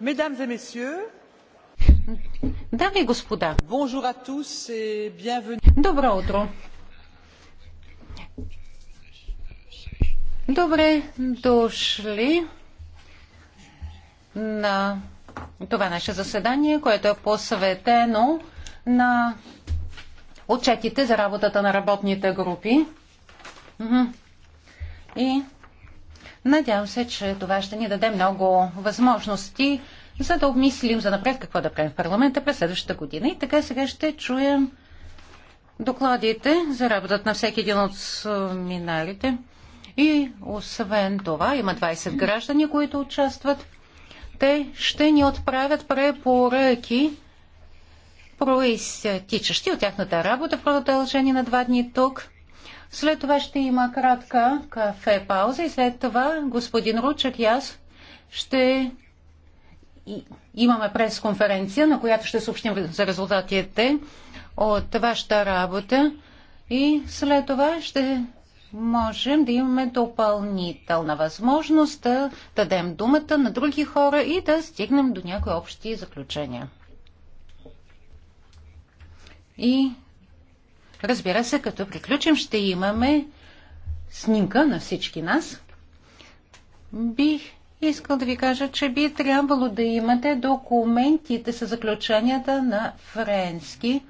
Mesdames et messieurs, Дами и господа, bonjour à tous et bienvenue. Добро утро. Добре дошли на това наше заседание, което е посветено на отчетите за работата на работните групи. И Надявам се, че това ще ни даде много възможности, за да обмислим за напред какво да правим в парламента през следващата година. И така сега ще чуем докладите за работата на всеки един от семинарите. И освен това има 20 граждани, които участват. Те ще ни отправят препоръки, проистичащи от тяхната работа в продължение на два дни тук. След това ще има кратка кафе пауза и след това господин Ручек и аз ще имаме пресконференция, на която ще съобщим за резултатите от вашата работа и след това ще можем да имаме допълнителна възможност да дадем думата на други хора и да стигнем до някои общи заключения. И Разбира се, като приключим, ще имаме снимка на всички нас. Бих искал да ви кажа, че би трябвало да имате документите с заключенията на френски.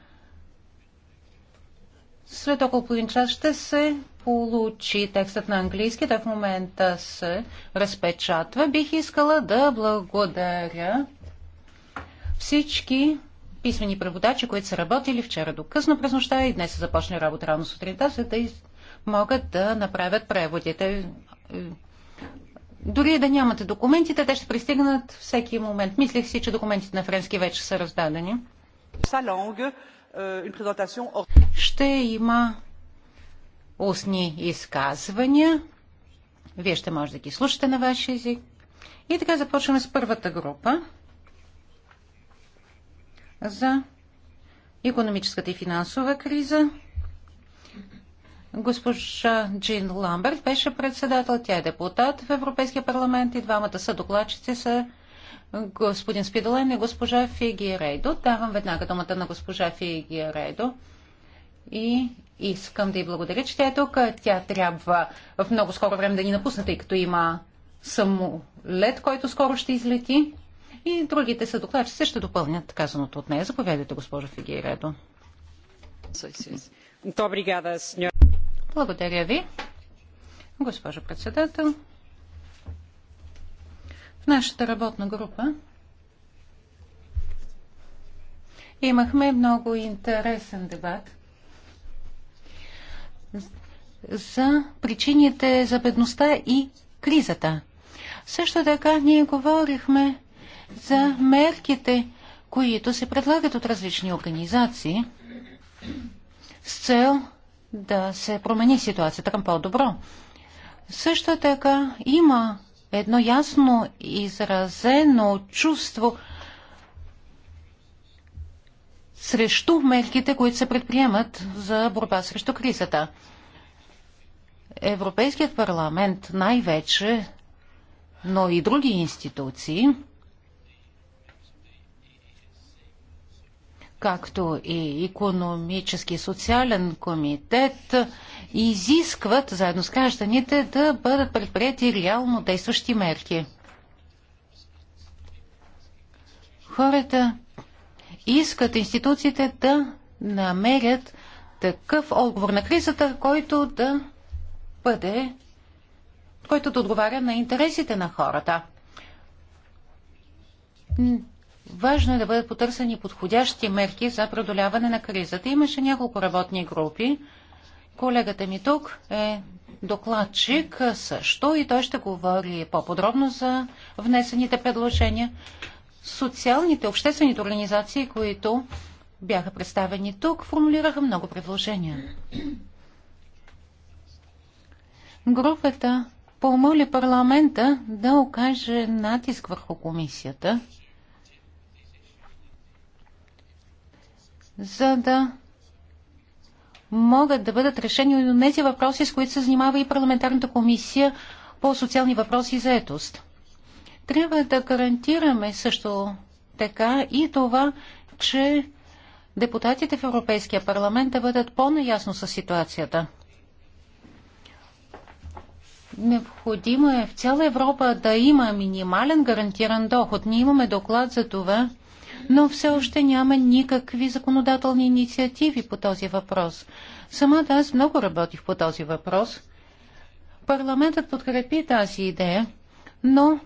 След около половин час ще се получи текстът на английски. да в момента се разпечатва. Бих искала да благодаря всички писмени преводачи, които са работили вчера до късно през нощта и днес са започнали работа рано сутринта, за да из... могат да направят преводите. Е, дори да нямате документите, те ще пристигнат всеки момент. Мислех си, че документите на френски вече са раздадени. Euh, ще има устни изказвания. Вие ще може да ги слушате на вашия език. И така започваме с първата група за економическата и финансова криза. Госпожа Джин Ламберт беше председател, тя е депутат в Европейския парламент и двамата са докладчици са господин Спидолен и госпожа Рейдо. Давам веднага думата на госпожа Рейдо и искам да й благодаря, че тя е тук. Тя трябва в много скоро време да ни напусне, тъй като има самолет, който скоро ще излети и другите са докладчици ще допълнят казаното от нея. Заповядайте, госпожо Фигейредо. Благодаря ви, госпожо председател. В нашата работна група имахме много интересен дебат за причините за бедността и кризата. Също така ние говорихме за мерките, които се предлагат от различни организации с цел да се промени ситуацията към по-добро. Също така има едно ясно изразено чувство срещу мерките, които се предприемат за борба срещу кризата. Европейският парламент най-вече, но и други институции – както и економически и социален комитет, изискват заедно с гражданите да бъдат предприяти реално действащи мерки. Хората искат институциите да намерят такъв отговор на кризата, който да бъде, който да отговаря на интересите на хората. Важно е да бъдат потърсени подходящи мерки за преодоляване на кризата. Имаше няколко работни групи. Колегата ми тук е докладчик също и той ще говори по-подробно за внесените предложения. Социалните, обществените организации, които бяха представени тук, формулираха много предложения. Групата помоли парламента да окаже натиск върху комисията – за да могат да бъдат решени от тези въпроси, с които се занимава и парламентарната комисия по социални въпроси и заетост. Трябва да гарантираме също така и това, че депутатите в Европейския парламент да бъдат по-наясно с ситуацията. Необходимо е в цяла Европа да има минимален гарантиран доход. Ние имаме доклад за това, но все още няма никакви законодателни инициативи по този въпрос. Самата аз много работих по този въпрос. Парламентът подкрепи тази идея, но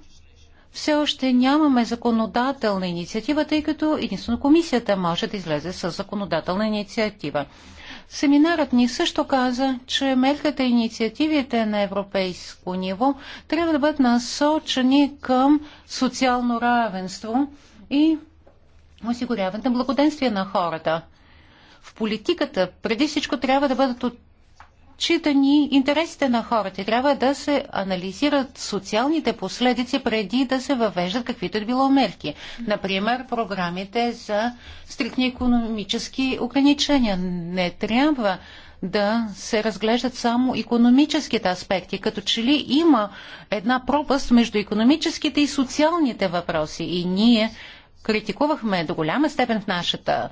все още нямаме законодателна инициатива, тъй като единствено комисията може да излезе с законодателна инициатива. Семинарът ни също каза, че мерката и инициативите на европейско ниво трябва да бъдат насочени към социално равенство и осигуряването на благоденствие на хората. В политиката преди всичко трябва да бъдат отчитани интересите на хората и трябва да се анализират социалните последици преди да се въвеждат каквито и било мерки. Например, програмите за стрикни економически ограничения. Не трябва да се разглеждат само економическите аспекти, като че ли има една пропаст между економическите и социалните въпроси. И ние критикувахме до голяма степен в нашата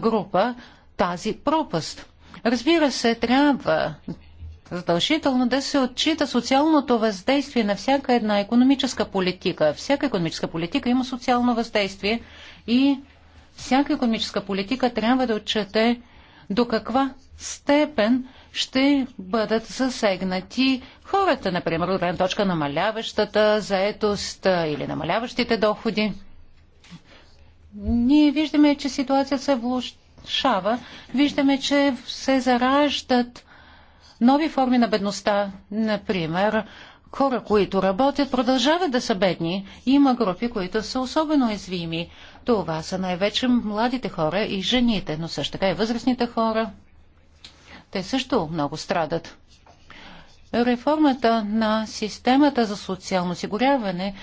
група тази пропаст. Разбира се, трябва задължително да се отчита социалното въздействие на всяка една економическа политика. Всяка економическа политика има социално въздействие и всяка економическа политика трябва да отчете до каква степен ще бъдат засегнати хората, например, от точка намаляващата заетост или намаляващите доходи ние виждаме, че ситуацията се влушава. Виждаме, че се зараждат нови форми на бедността. Например, хора, които работят, продължават да са бедни. Има групи, които са особено уязвими. Това са най-вече младите хора и жените, но също така и възрастните хора. Те също много страдат. Реформата на системата за социално осигуряване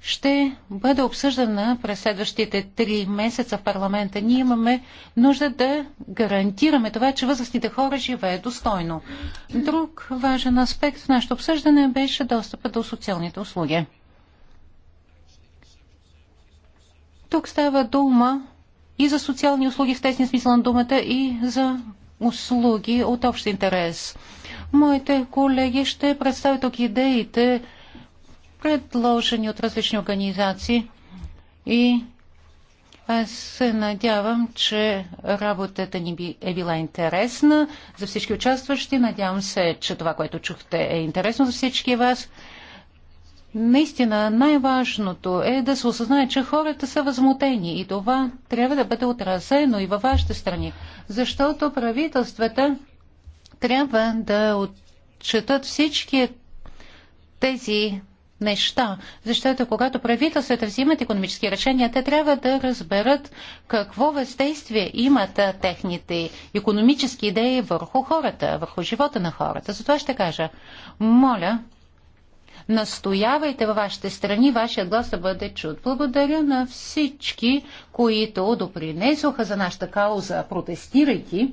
ще бъде обсъждана през следващите три месеца в парламента. Ние имаме нужда да гарантираме това, че възрастните хора живеят достойно. Друг важен аспект в нашето обсъждане беше достъпа до социалните услуги. Тук става дума и за социални услуги в тесния смисъл на думата и за услуги от общ интерес. Моите колеги ще представят тук идеите, предложени от различни организации и аз се надявам, че работата ни би, е била интересна за всички участващи. Надявам се, че това, което чухте, е интересно за всички вас. Наистина, най-важното е да се осъзнае, че хората са възмутени и това трябва да бъде отразено и във вашите страни, защото правителствата трябва да отчетат всички тези неща, защото когато правителствата взимат економически решения, те трябва да разберат какво въздействие имат техните економически идеи върху хората, върху живота на хората. Затова ще кажа, моля, настоявайте във вашите страни, вашия глас да бъде чут. Благодаря на всички, които допринесоха за нашата кауза, протестирайки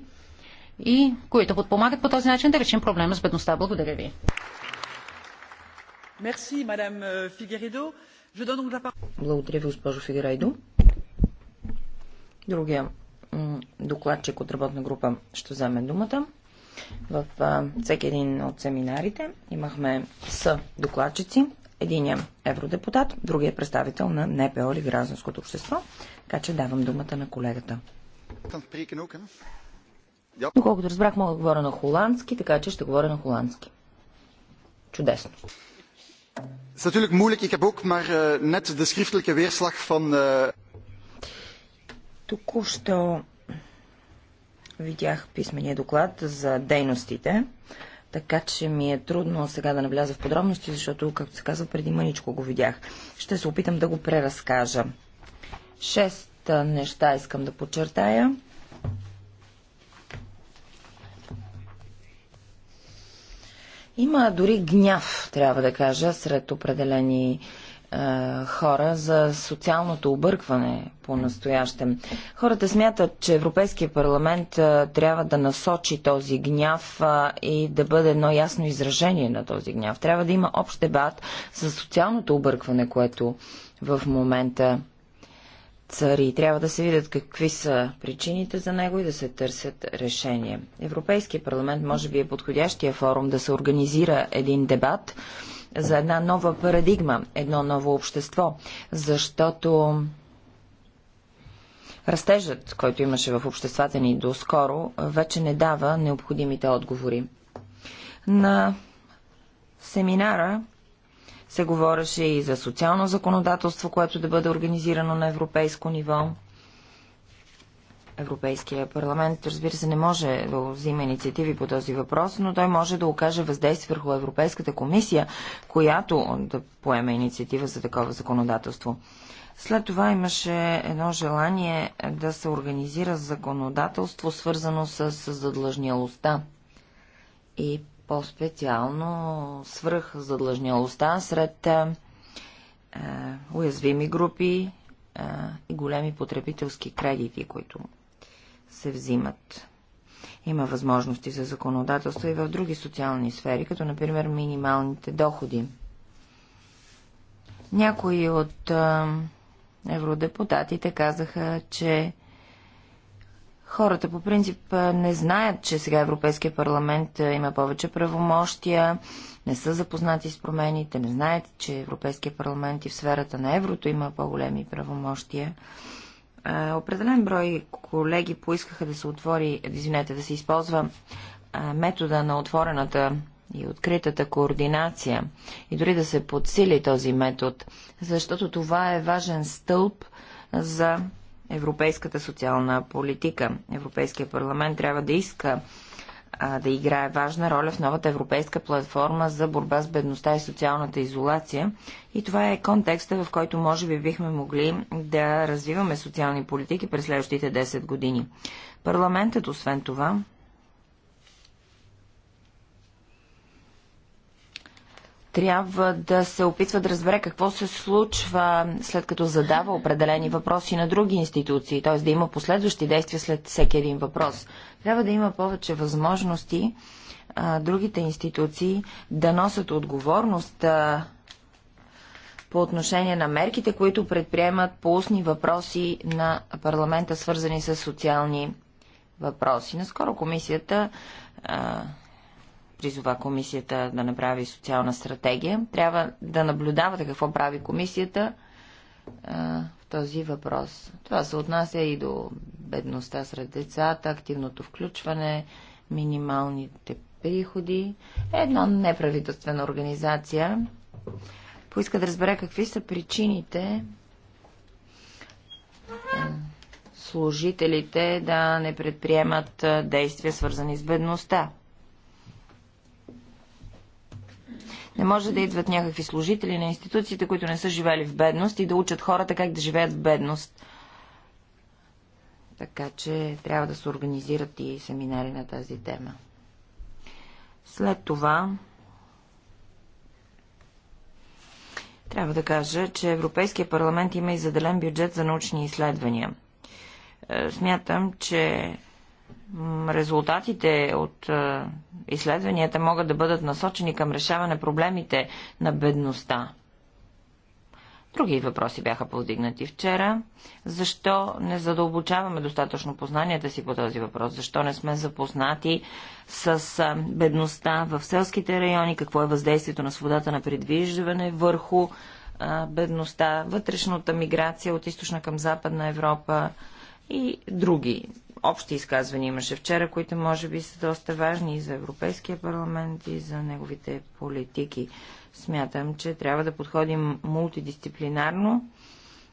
и които подпомагат по този начин да решим проблема с бедността. Благодаря ви. Euh, Благодаря ви, госпожо Фигерейдо. Другия докладчик от работна група ще вземе думата. В всеки един от семинарите имахме с докладчици. Единия е евродепутат, другия е представител на НПО или гражданското общество. Така че давам думата на колегата. Доколкото разбрах, мога да говоря на холандски, така че ще говоря на холандски. Чудесно. Het is natuurlijk moeilijk. Ik heb ook maar eh, net de schriftelijke weerslag van. Eh, Току-що видях писмения доклад за дейностите, така че ми е трудно сега да навляза в подробности, защото, както се казва, преди мъничко го видях. Ще се опитам да го преразкажа. Шест неща искам да подчертая. Има дори гняв, трябва да кажа, сред определени е, хора за социалното объркване по-настоящем. Хората смятат, че Европейския парламент е, трябва да насочи този гняв е, и да бъде едно ясно изражение на този гняв. Трябва да има общ дебат за социалното объркване, което в момента цари. Трябва да се видят какви са причините за него и да се търсят решения. Европейския парламент може би е подходящия форум да се организира един дебат за една нова парадигма, едно ново общество, защото растежът, който имаше в обществата ни доскоро, вече не дава необходимите отговори. На семинара се говореше и за социално законодателство, което да бъде организирано на европейско ниво. Европейския парламент, разбира се, не може да взима инициативи по този въпрос, но той може да окаже въздействие върху Европейската комисия, която да поеме инициатива за такова законодателство. След това имаше едно желание да се организира законодателство, свързано с задлъжнялостта и по-специално свръх задлъжнялостта сред а, е, е, уязвими групи а, е, и големи потребителски кредити, които се взимат. Има възможности за законодателство и в други социални сфери, като например минималните доходи. Някои от а, евродепутатите казаха, че Хората по принцип не знаят, че сега Европейския парламент има повече правомощия, не са запознати с промените, не знаят, че Европейския парламент и в сферата на еврото има по-големи правомощия. Определен брой колеги поискаха да се отвори, извинете, да се използва метода на отворената и откритата координация и дори да се подсили този метод, защото това е важен стълб за европейската социална политика. Европейския парламент трябва да иска а, да играе важна роля в новата европейска платформа за борба с бедността и социалната изолация. И това е контекста, в който може би бихме могли да развиваме социални политики през следващите 10 години. Парламентът, освен това, трябва да се опитва да разбере какво се случва след като задава определени въпроси на други институции, т.е. да има последващи действия след всеки един въпрос. Трябва да има повече възможности а, другите институции да носят отговорност а, по отношение на мерките, които предприемат по устни въпроси на парламента, свързани с социални въпроси. Наскоро комисията а, призова комисията да направи социална стратегия. Трябва да наблюдавате какво прави комисията в този въпрос. Това се отнася и до бедността сред децата, активното включване, минималните приходи. Една неправителствена организация поиска да разбере какви са причините е, служителите да не предприемат е, действия, свързани с бедността. Не може да идват някакви служители на институциите, които не са живели в бедност и да учат хората как да живеят в бедност. Така че трябва да се организират и семинари на тази тема. След това трябва да кажа, че Европейския парламент има и заделен бюджет за научни изследвания. Е, смятам, че резултатите от е, изследванията могат да бъдат насочени към решаване проблемите на бедността. Други въпроси бяха повдигнати вчера. Защо не задълбочаваме достатъчно познанията си по този въпрос? Защо не сме запознати с е, бедността в селските райони? Какво е въздействието на свободата на предвиждане върху е, бедността, вътрешната миграция от източна към западна Европа и други общи изказвания имаше вчера, които може би са доста важни и за Европейския парламент, и за неговите политики. Смятам, че трябва да подходим мултидисциплинарно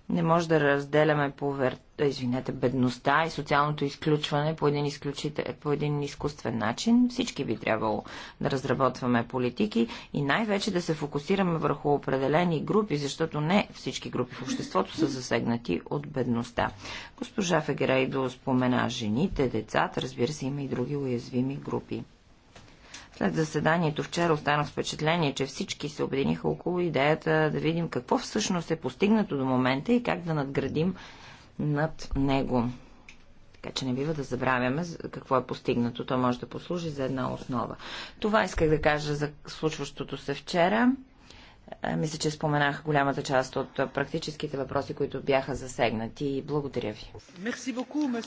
не може да разделяме повер... извинете, бедността и социалното изключване по един, изключите... по един изкуствен начин. Всички би трябвало да разработваме политики и най-вече да се фокусираме върху определени групи, защото не всички групи в обществото са засегнати от бедността. Госпожа Фегерейдо спомена жените, децата, разбира се, има и други уязвими групи. След заседанието вчера останах с впечатление, че всички се обединиха около идеята да видим какво всъщност е постигнато до момента и как да надградим над него. Така че не бива да забравяме какво е постигнато. То може да послужи за една основа. Това исках да кажа за случващото се вчера. Е, мисля, че споменах голямата част от практическите въпроси, които бяха засегнати. Благодаря ви. Merci beaucoup,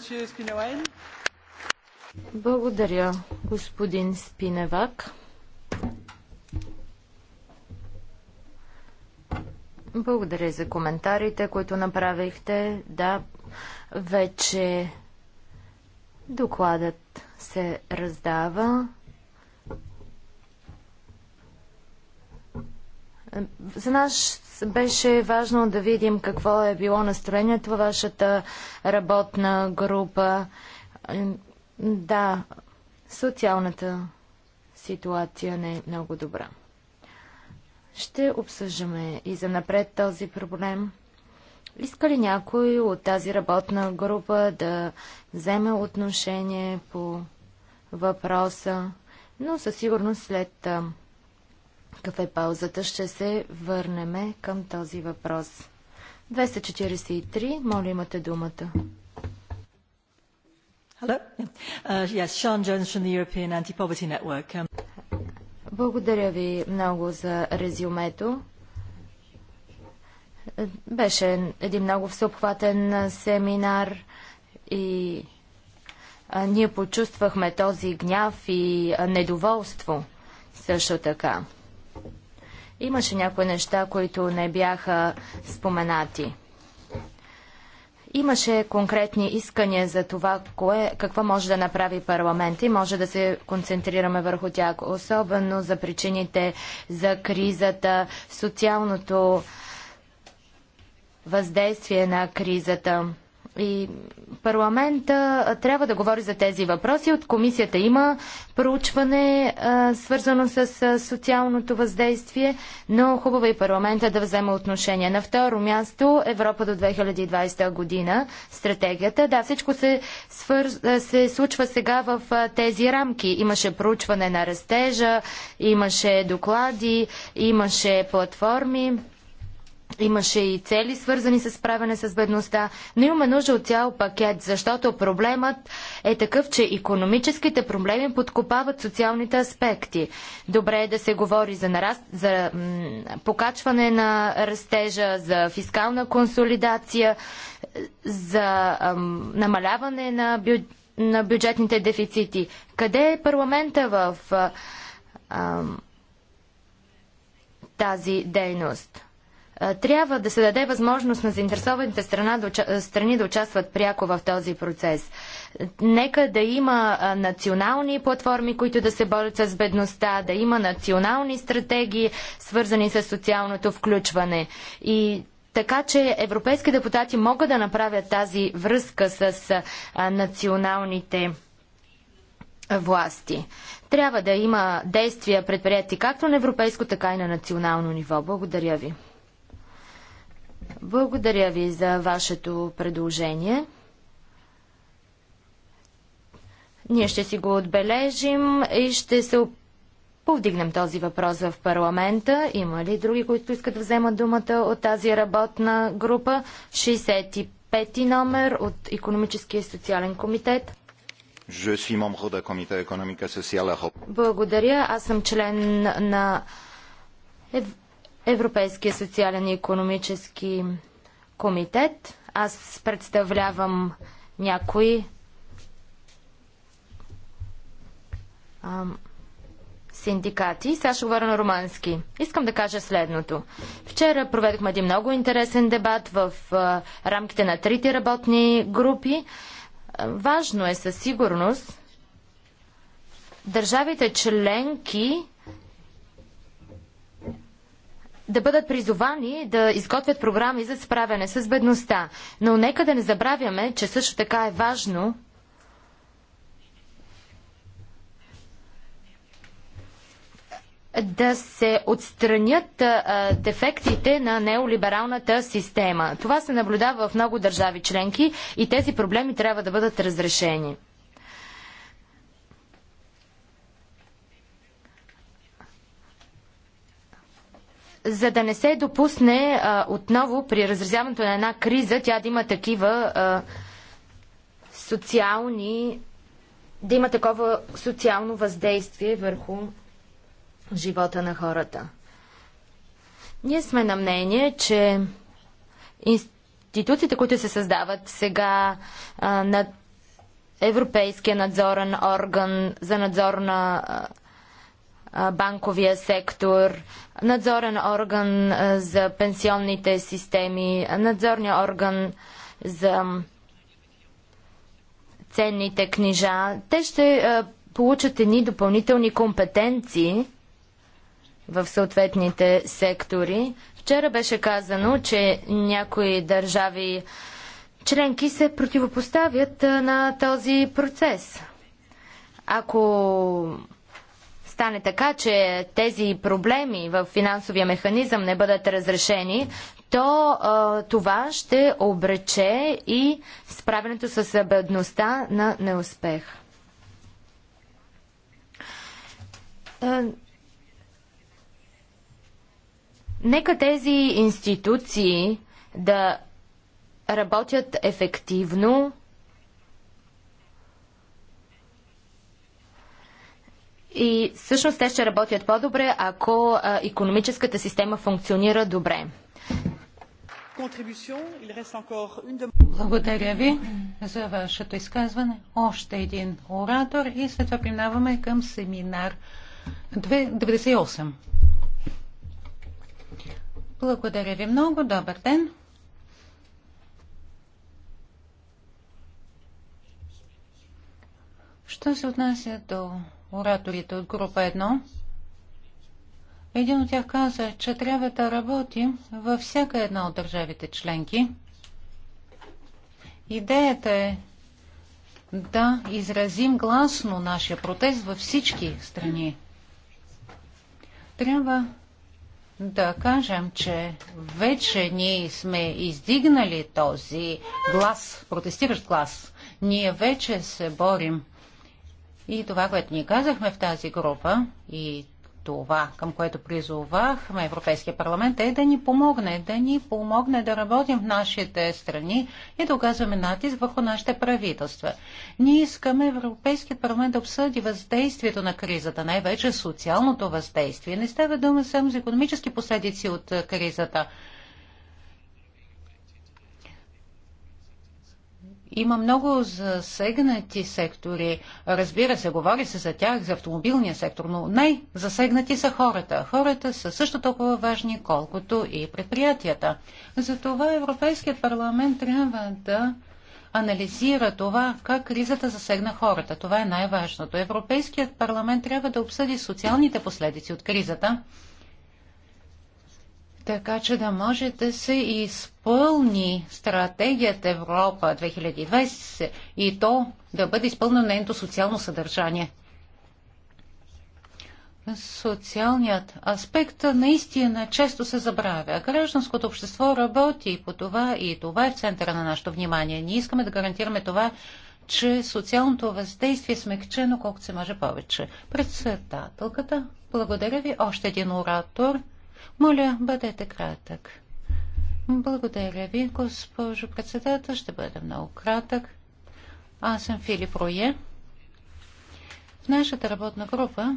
благодаря, господин Спиневак. Благодаря за коментарите, които направихте. Да, вече докладът се раздава. За нас беше важно да видим какво е било настроението във вашата работна група. Да, социалната ситуация не е много добра. Ще обсъждаме и за напред този проблем. Иска ли някой от тази работна група да вземе отношение по въпроса? Но със сигурност след кафе паузата ще се върнем към този въпрос. 243, моля имате думата. Uh, um, Благодаря ви много за резюмето. Беше един много всеобхватен семинар и ние почувствахме този гняв и недоволство също така. Имаше някои неща, които не бяха споменати. Имаше конкретни искания за това, кое, какво може да направи парламент и може да се концентрираме върху тях, особено за причините за кризата, социалното въздействие на кризата. И парламента трябва да говори за тези въпроси. От комисията има проучване, свързано с социалното въздействие, но хубаво е и парламента да взема отношение. На второ място Европа до 2020 година, стратегията. Да, всичко се, свър... се случва сега в тези рамки. Имаше проучване на растежа, имаше доклади, имаше платформи. Имаше и цели, свързани с справяне с бедността, но имаме нужда от цял пакет, защото проблемът е такъв, че економическите проблеми подкопават социалните аспекти. Добре е да се говори за, нараст, за покачване на растежа, за фискална консолидация, за ам, намаляване на, бю, на бюджетните дефицити. Къде е парламента в а, тази дейност? Е, трябва да се даде възможност на заинтересованите страна да, страни да участват пряко в този процес. Нека да има е, национални платформи, които да се борят с бедността, да има национални стратегии, свързани с социалното включване. И така че европейски депутати могат да направят тази връзка с е, националните власти. Трябва да има действия предприяти както на европейско, така и на национално ниво. Благодаря ви. Благодаря ви за вашето предложение. Ние ще си го отбележим и ще се повдигнем този въпрос в парламента. Има ли други, които искат да вземат думата от тази работна група? 65 ти номер от Економическия и социален комитет. Благодаря. Аз съм член на Европейския социален и економически комитет. Аз представлявам някои ам, синдикати. Сега ще говоря на романски. Искам да кажа следното. Вчера проведохме един много интересен дебат в а, рамките на трите работни групи. А, важно е със сигурност държавите членки да бъдат призовани да изготвят програми за справяне с бедността. Но нека да не забравяме, че също така е важно да се отстранят дефектите на неолибералната система. Това се наблюдава в много държави членки и тези проблеми трябва да бъдат разрешени. за да не се допусне а, отново при разразяването на една криза, тя да има такива а, социални, да има такова социално въздействие върху живота на хората. Ние сме на мнение, че институциите, които се създават сега а, на Европейския надзорен орган за надзор на а, банковия сектор, надзорен орган за пенсионните системи, надзорния орган за ценните книжа. Те ще получат едни допълнителни компетенции в съответните сектори. Вчера беше казано, че някои държави членки се противопоставят на този процес. Ако стане така, че тези проблеми в финансовия механизъм не бъдат разрешени, то а, това ще обрече и справянето с бедността на неуспех. А, нека тези институции да работят ефективно, И всъщност те ще работят по-добре, ако а, економическата система функционира добре. Благодаря ви за вашето изказване. Още един оратор и след това преминаваме към семинар 98. Благодаря ви много. Добър ден. Що се отнася до ораторите от група 1. Един от тях каза, че трябва да работим във всяка една от държавите членки. Идеята е да изразим гласно нашия протест във всички страни. Трябва да кажем, че вече ние сме издигнали този глас, протестиращ глас. Ние вече се борим и това, което ни казахме в тази група и това, към което призовахме Европейския парламент, е да ни помогне, да ни помогне да работим в нашите страни и да оказваме натиск върху нашите правителства. Ние искаме Европейският парламент да обсъди въздействието на кризата, най-вече социалното въздействие. Не става дума само за економически последици от кризата. има много засегнати сектори. Разбира се, говори се за тях, за автомобилния сектор, но най-засегнати са хората. Хората са също толкова важни, колкото и предприятията. Затова Европейският парламент трябва да анализира това, как кризата засегна хората. Това е най-важното. Европейският парламент трябва да обсъди социалните последици от кризата така че да може да се изпълни стратегията Европа 2020 и то да бъде изпълнено нейното социално съдържание. Социалният аспект наистина често се забравя. Гражданското общество работи по това и това е в центъра на нашето внимание. Ние искаме да гарантираме това, че социалното въздействие е смекчено колкото се може повече. Председателката, благодаря ви. Още един оратор. Моля, бъдете кратък. Благодаря ви, госпожо председател. Ще бъда много кратък. Аз съм Филип Рое. В нашата работна група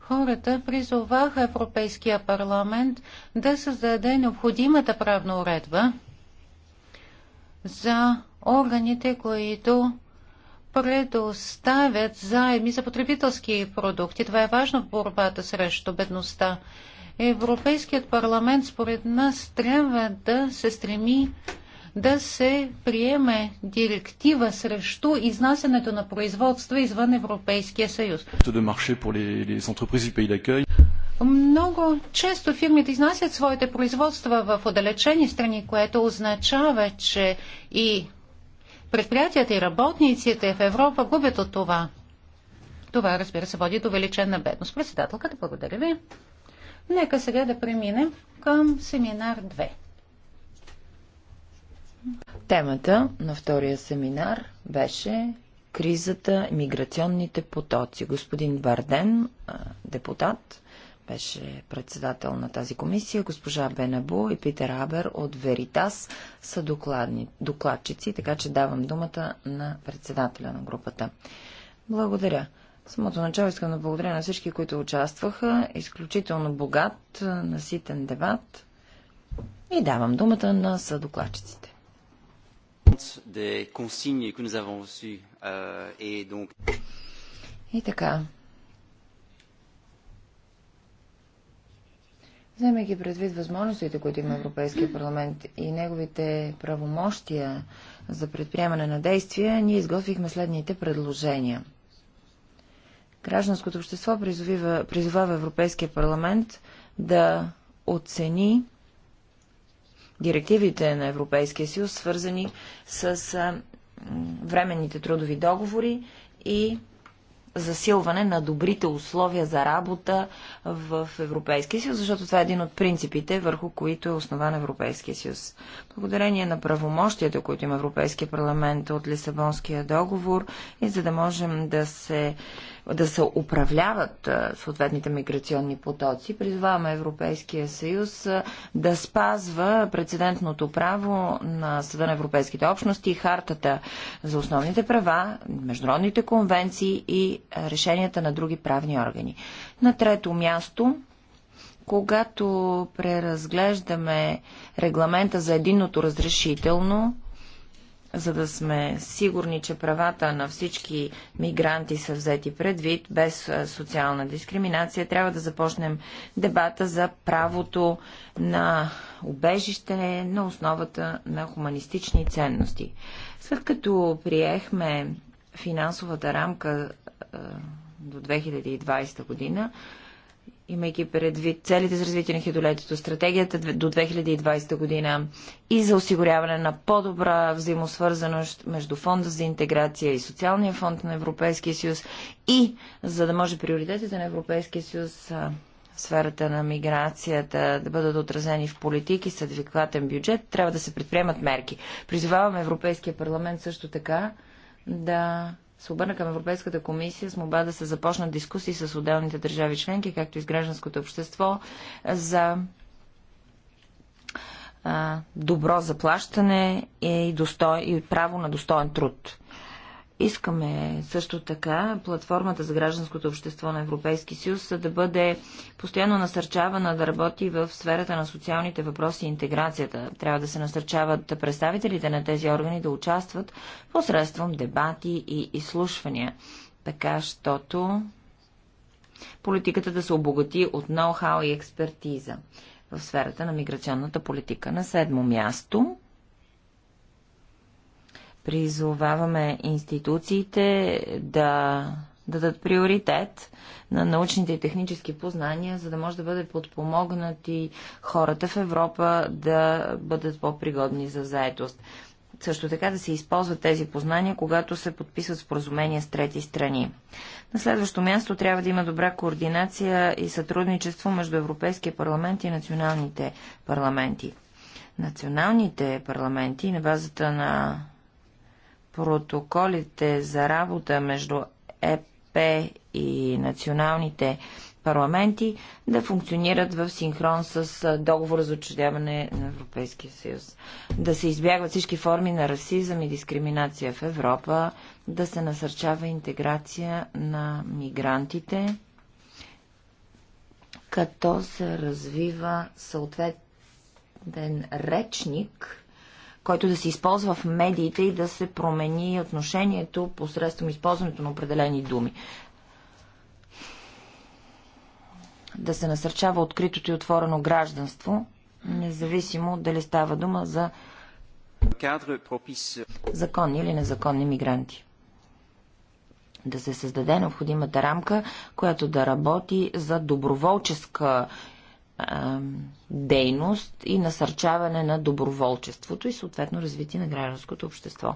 хората призоваха Европейския парламент да създаде необходимата правна уредба за органите, които предоставят заеми за потребителски продукти. Това е важно в борбата срещу бедността. Европейският парламент според нас трябва да се стреми да се приеме директива срещу изнасянето на производства извън Европейския съюз. Много често фирмите изнасят своите производства в отдалечени страни, което означава, че и предприятията и работниците в Европа губят от това. Това, разбира се, води до увеличена бедност. Председателката, благодаря ви. Нека сега да преминем към семинар 2. Темата на втория семинар беше кризата, миграционните потоци. Господин Барден, депутат, беше председател на тази комисия, госпожа Бенабо и Питер Абер от Веритас са докладни, докладчици, така че давам думата на председателя на групата. Благодаря. Самото начало искам да благодаря на всички, които участваха. Изключително богат, наситен дебат. И давам думата на съдокладчиците. Euh, и така, Вземайки предвид възможностите, които има Европейския парламент и неговите правомощия за предприемане на действия, ние изготвихме следните предложения. Гражданското общество призовива, призовава Европейския парламент да оцени директивите на Европейския съюз, свързани с временните трудови договори и засилване на добрите условия за работа в Европейския съюз, защото това е един от принципите, върху които е основан Европейския съюз. Благодарение на правомощията, които има Европейския парламент от Лисабонския договор и за да можем да се да се управляват съответните миграционни потоци. Призваваме Европейския съюз да спазва прецедентното право на Съда на Европейските общности, хартата за основните права, международните конвенции и решенията на други правни органи. На трето място когато преразглеждаме регламента за единното разрешително, за да сме сигурни, че правата на всички мигранти са взети предвид, без социална дискриминация, трябва да започнем дебата за правото на убежище на основата на хуманистични ценности. След като приехме финансовата рамка до 2020 година, имайки предвид целите за развитие на хидолетието, стратегията до 2020 година и за осигуряване на по-добра взаимосвързаност между Фонда за интеграция и Социалния фонд на Европейския съюз и за да може приоритетите на Европейския съюз в сферата на миграцията да бъдат отразени в политики с адекватен бюджет, трябва да се предприемат мерки. Призоваваме Европейския парламент също така да се обърна към Европейската комисия с моба да се започнат дискусии с отделните държави членки, както и с гражданското общество, за добро заплащане и, достой, и право на достоен труд. Искаме също така платформата за гражданското общество на Европейски съюз да бъде постоянно насърчавана да работи в сферата на социалните въпроси и интеграцията. Трябва да се насърчават представителите на тези органи да участват посредством дебати и изслушвания, така щото политиката да се обогати от ноу-хау и експертиза в сферата на миграционната политика. На седмо място Призоваваме институциите да дадат приоритет на научните и технически познания, за да може да бъде подпомогнати хората в Европа да бъдат по-пригодни за заетост. Също така да се използват тези познания, когато се подписват споразумения с трети страни. На следващо място трябва да има добра координация и сътрудничество между Европейския парламент и националните парламенти. Националните парламенти на базата на протоколите за работа между ЕП и националните парламенти да функционират в синхрон с договора за учредяване на Европейския съюз. Да се избягват всички форми на расизъм и дискриминация в Европа, да се насърчава интеграция на мигрантите, като се развива съответен речник който да се използва в медиите и да се промени отношението посредством използването на определени думи. Да се насърчава откритото и отворено гражданство, независимо дали става дума за законни или незаконни мигранти. Да се създаде необходимата рамка, която да работи за доброволческа дейност и насърчаване на доброволчеството и съответно развитие на гражданското общество.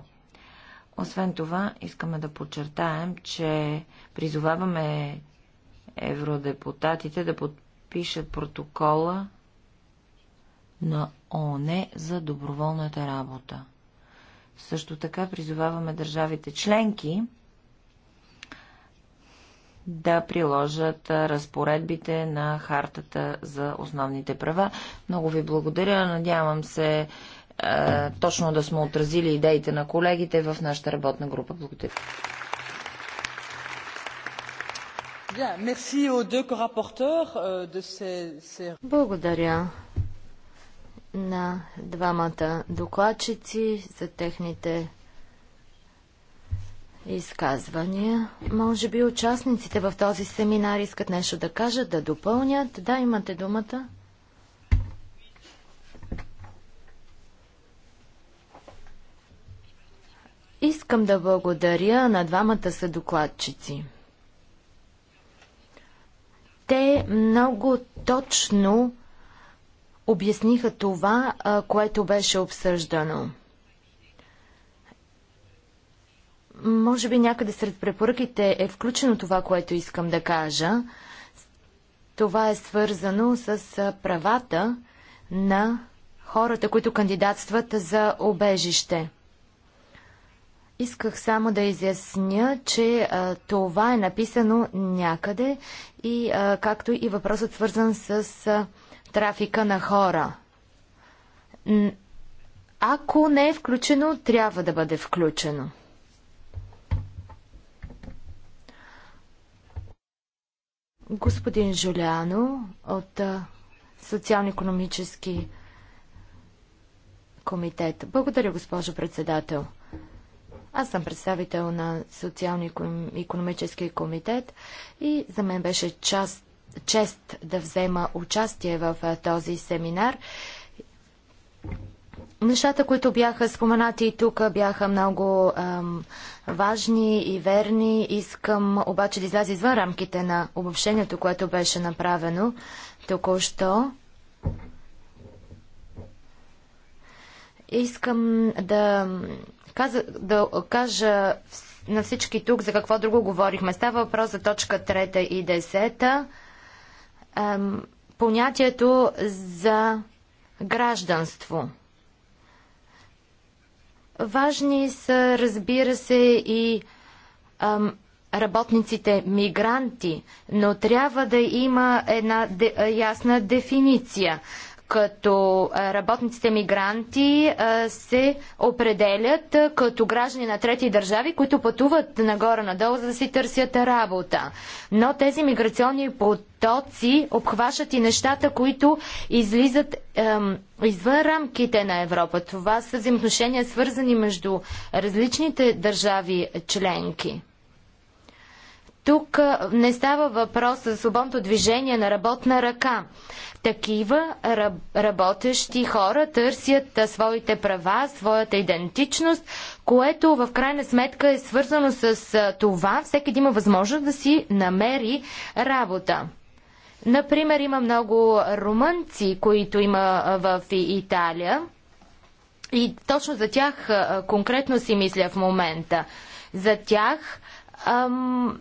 Освен това, искаме да подчертаем, че призоваваме евродепутатите да подпишат протокола на ОНЕ за доброволната работа. Също така призоваваме държавите членки да приложат разпоредбите на Хартата за основните права. Много ви благодаря. Надявам се е, точно да сме отразили идеите на колегите в нашата работна група. Благодаря. Euh, благодаря на двамата докладчици за техните изказвания. Може би участниците в този семинар искат нещо да кажат, да допълнят. Да, имате думата. Искам да благодаря на двамата са докладчици. Те много точно обясниха това, което беше обсъждано. Може би някъде сред препоръките е включено това, което искам да кажа. Това е свързано с правата на хората, които кандидатстват за обежище. Исках само да изясня, че а, това е написано някъде и а, както и въпросът свързан с а, трафика на хора. Ако не е включено, трябва да бъде включено. Господин Жуляно от Социално-економически комитет. Благодаря, госпожо председател. Аз съм представител на Социално-економически комитет и за мен беше част, чест да взема участие в този семинар Нещата, които бяха споменати и тук, бяха много ам, важни и верни. Искам обаче да изляза извън рамките на обобщението, което беше направено току-що. Искам да, каза, да кажа на всички тук за какво друго говорихме. Става въпрос за точка 3 и 10. Ам, понятието за гражданство – Важни са, разбира се, и ам, работниците мигранти, но трябва да има една де, ясна дефиниция като работниците мигранти се определят като граждани на трети държави, които пътуват нагоре-надолу, за да си търсят работа. Но тези миграционни потоци обхващат и нещата, които излизат ем, извън рамките на Европа. Това са взаимоотношения, свързани между различните държави членки. Тук не става въпрос за свободното движение на работна ръка. Такива работещи хора търсят своите права, своята идентичност, което в крайна сметка е свързано с това всеки да има възможност да си намери работа. Например, има много румънци, които има в Италия. И точно за тях конкретно си мисля в момента. За тях ам,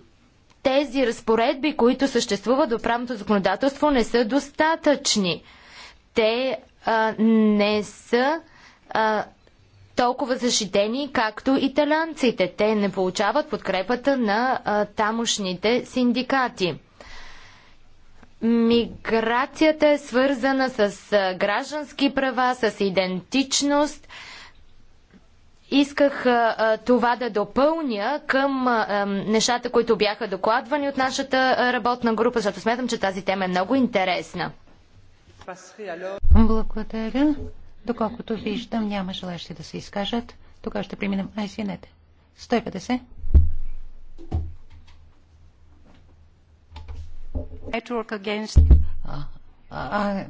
тези разпоредби, които съществуват в правното законодателство, не са достатъчни. Те а, не са а, толкова защитени, както талянците. Те не получават подкрепата на а, тамошните синдикати. Миграцията е свързана с а, граждански права, с идентичност. А, Исках а, това да допълня към а, нещата, които бяха докладвани от нашата работна група, защото смятам, че тази тема е много интересна. Благодаря. Доколкото виждам, няма желащи да се изкажат. Тогава ще преминем. Ай, извинете. 150. А, се.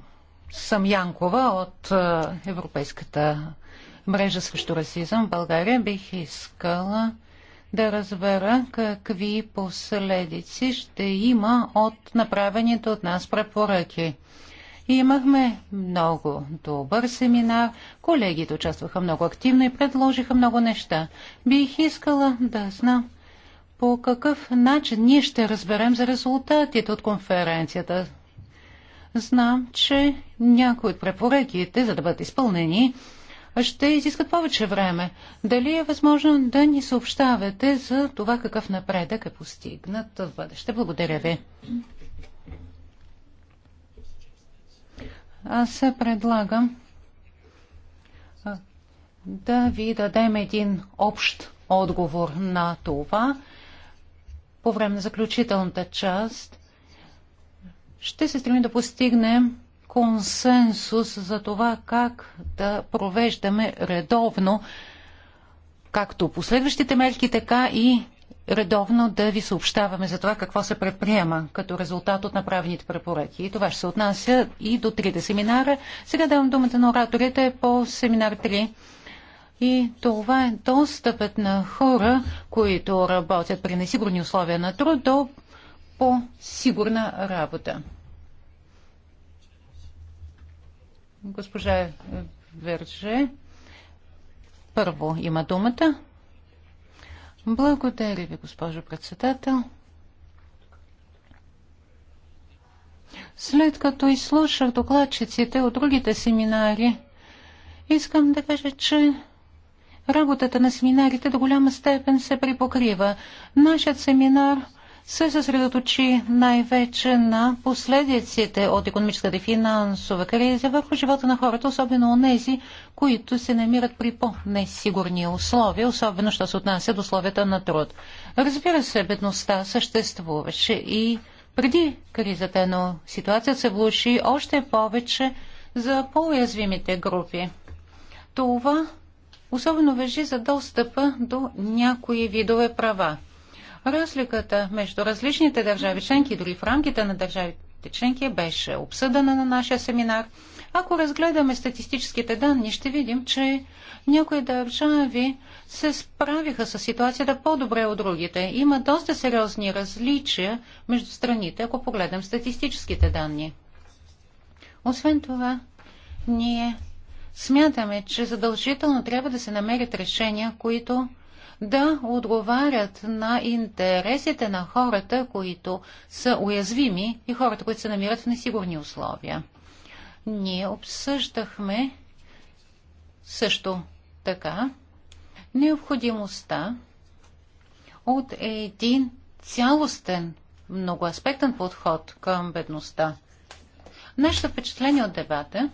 съм Янкова от Европейската мрежа срещу расизъм в България, бих искала да разбера какви последици ще има от направените от нас препоръки. Имахме много добър семинар, колегите участваха много активно и предложиха много неща. Бих искала да знам по какъв начин ние ще разберем за резултатите от конференцията. Знам, че някои от препоръките, за да бъдат изпълнени, ще изискат повече време. Дали е възможно да ни съобщавате за това какъв напредък е постигнат в бъдеще? Благодаря ви. Аз се предлагам да ви дадем един общ отговор на това. По време на заключителната част ще се стремим да постигнем консенсус за това как да провеждаме редовно както последващите мерки, така и редовно да ви съобщаваме за това какво се предприема като резултат от направените препоръки. И това ще се отнася и до трите семинара. Сега давам думата на ораторите по семинар 3. И това е достъпът на хора, които работят при несигурни условия на труд до по-сигурна работа. Госпожа Верже, първо има думата. Благодаря ви, госпожо председател. След като изслушах докладчиците от другите семинари, искам да кажа, че работата на семинарите до голяма степен се припокрива. Нашият семинар – се съсредоточи най-вече на последиците от економическата и финансова криза върху живота на хората, особено у нези, които се намират при по-несигурни условия, особено що се отнася до условията на труд. Разбира се, бедността съществуваше и преди кризата, но ситуацията се влуши още повече за по-уязвимите групи. Това особено вежи за достъпа до някои видове права – Разликата между различните държави членки, дори в рамките на държавите членки, беше обсъдена на нашия семинар. Ако разгледаме статистическите данни, ще видим, че някои държави се справиха с ситуацията по-добре от другите. Има доста сериозни различия между страните, ако погледнем статистическите данни. Освен това, ние смятаме, че задължително трябва да се намерят решения, които да отговарят на интересите на хората, които са уязвими и хората, които се намират в несигурни условия. Ние обсъждахме също така необходимостта от един цялостен, многоаспектен подход към бедността. Нашето впечатление от дебата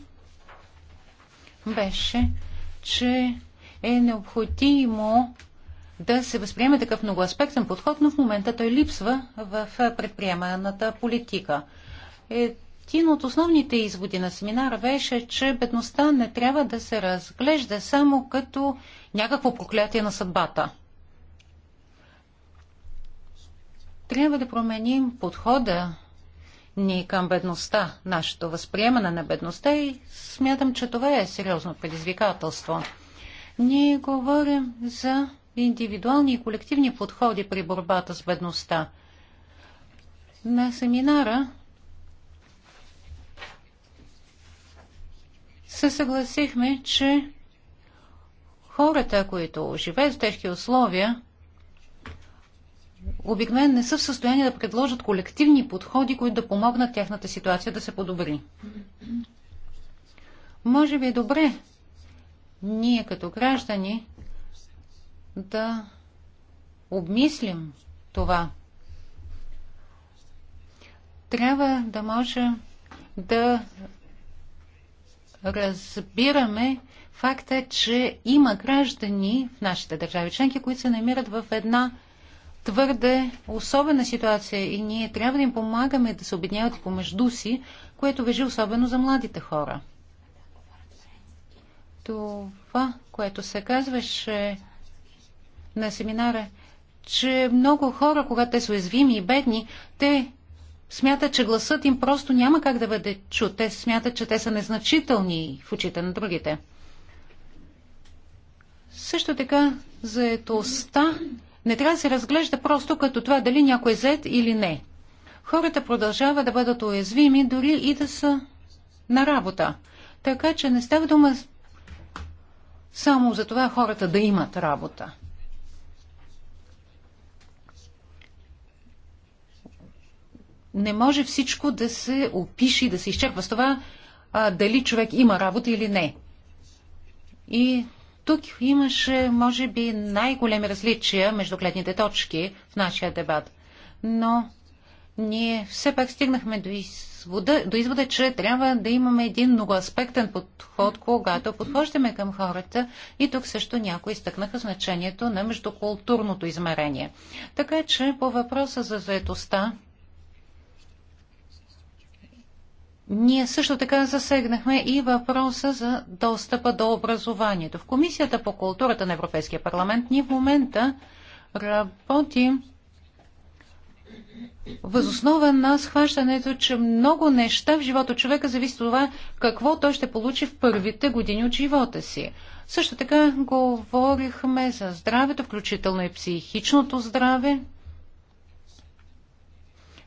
беше, че е необходимо да се възприеме такъв многоаспектен подход, но в момента той липсва в предприеманата политика. Един от основните изводи на семинара беше, че бедността не трябва да се разглежда само като някакво проклятие на съдбата. Трябва да променим подхода ни към бедността, нашето възприемане на бедността и смятам, че това е сериозно предизвикателство. Ние говорим за индивидуални и колективни подходи при борбата с бедността. На семинара се съгласихме, че хората, които живеят в тежки условия, обикновено не са в състояние да предложат колективни подходи, които да помогнат тяхната ситуация да се подобри. Може би е добре ние като граждани да обмислим това. Трябва да може да разбираме факта, че има граждани в нашите държави членки, които се намират в една твърде особена ситуация и ние трябва да им помагаме да се обедняват помежду си, което вежи особено за младите хора. Това, което се казваше на семинара, че много хора, когато те са уязвими и бедни, те смятат, че гласът им просто няма как да бъде чут. Те смятат, че те са незначителни в очите на другите. Също така, заетостта не трябва да се разглежда просто като това дали някой е зет или не. Хората продължават да бъдат уязвими, дори и да са на работа. Така че не става дума само за това хората да имат работа. не може всичко да се опише и да се изчерпва с това а, дали човек има работа или не. И тук имаше, може би, най-големи различия между гледните точки в нашия дебат. Но ние все пак стигнахме до извода, до извода, че трябва да имаме един многоаспектен подход, когато подхождаме към хората. И тук също някои изтъкнаха значението на междукултурното измерение. Така че по въпроса за заедостта Ние също така засегнахме и въпроса за достъпа до образованието. В Комисията по културата на Европейския парламент ние в момента работим възоснова на схващането, че много неща в живота човека зависи от това какво той ще получи в първите години от живота си. Също така говорихме за здравето, включително и психичното здраве.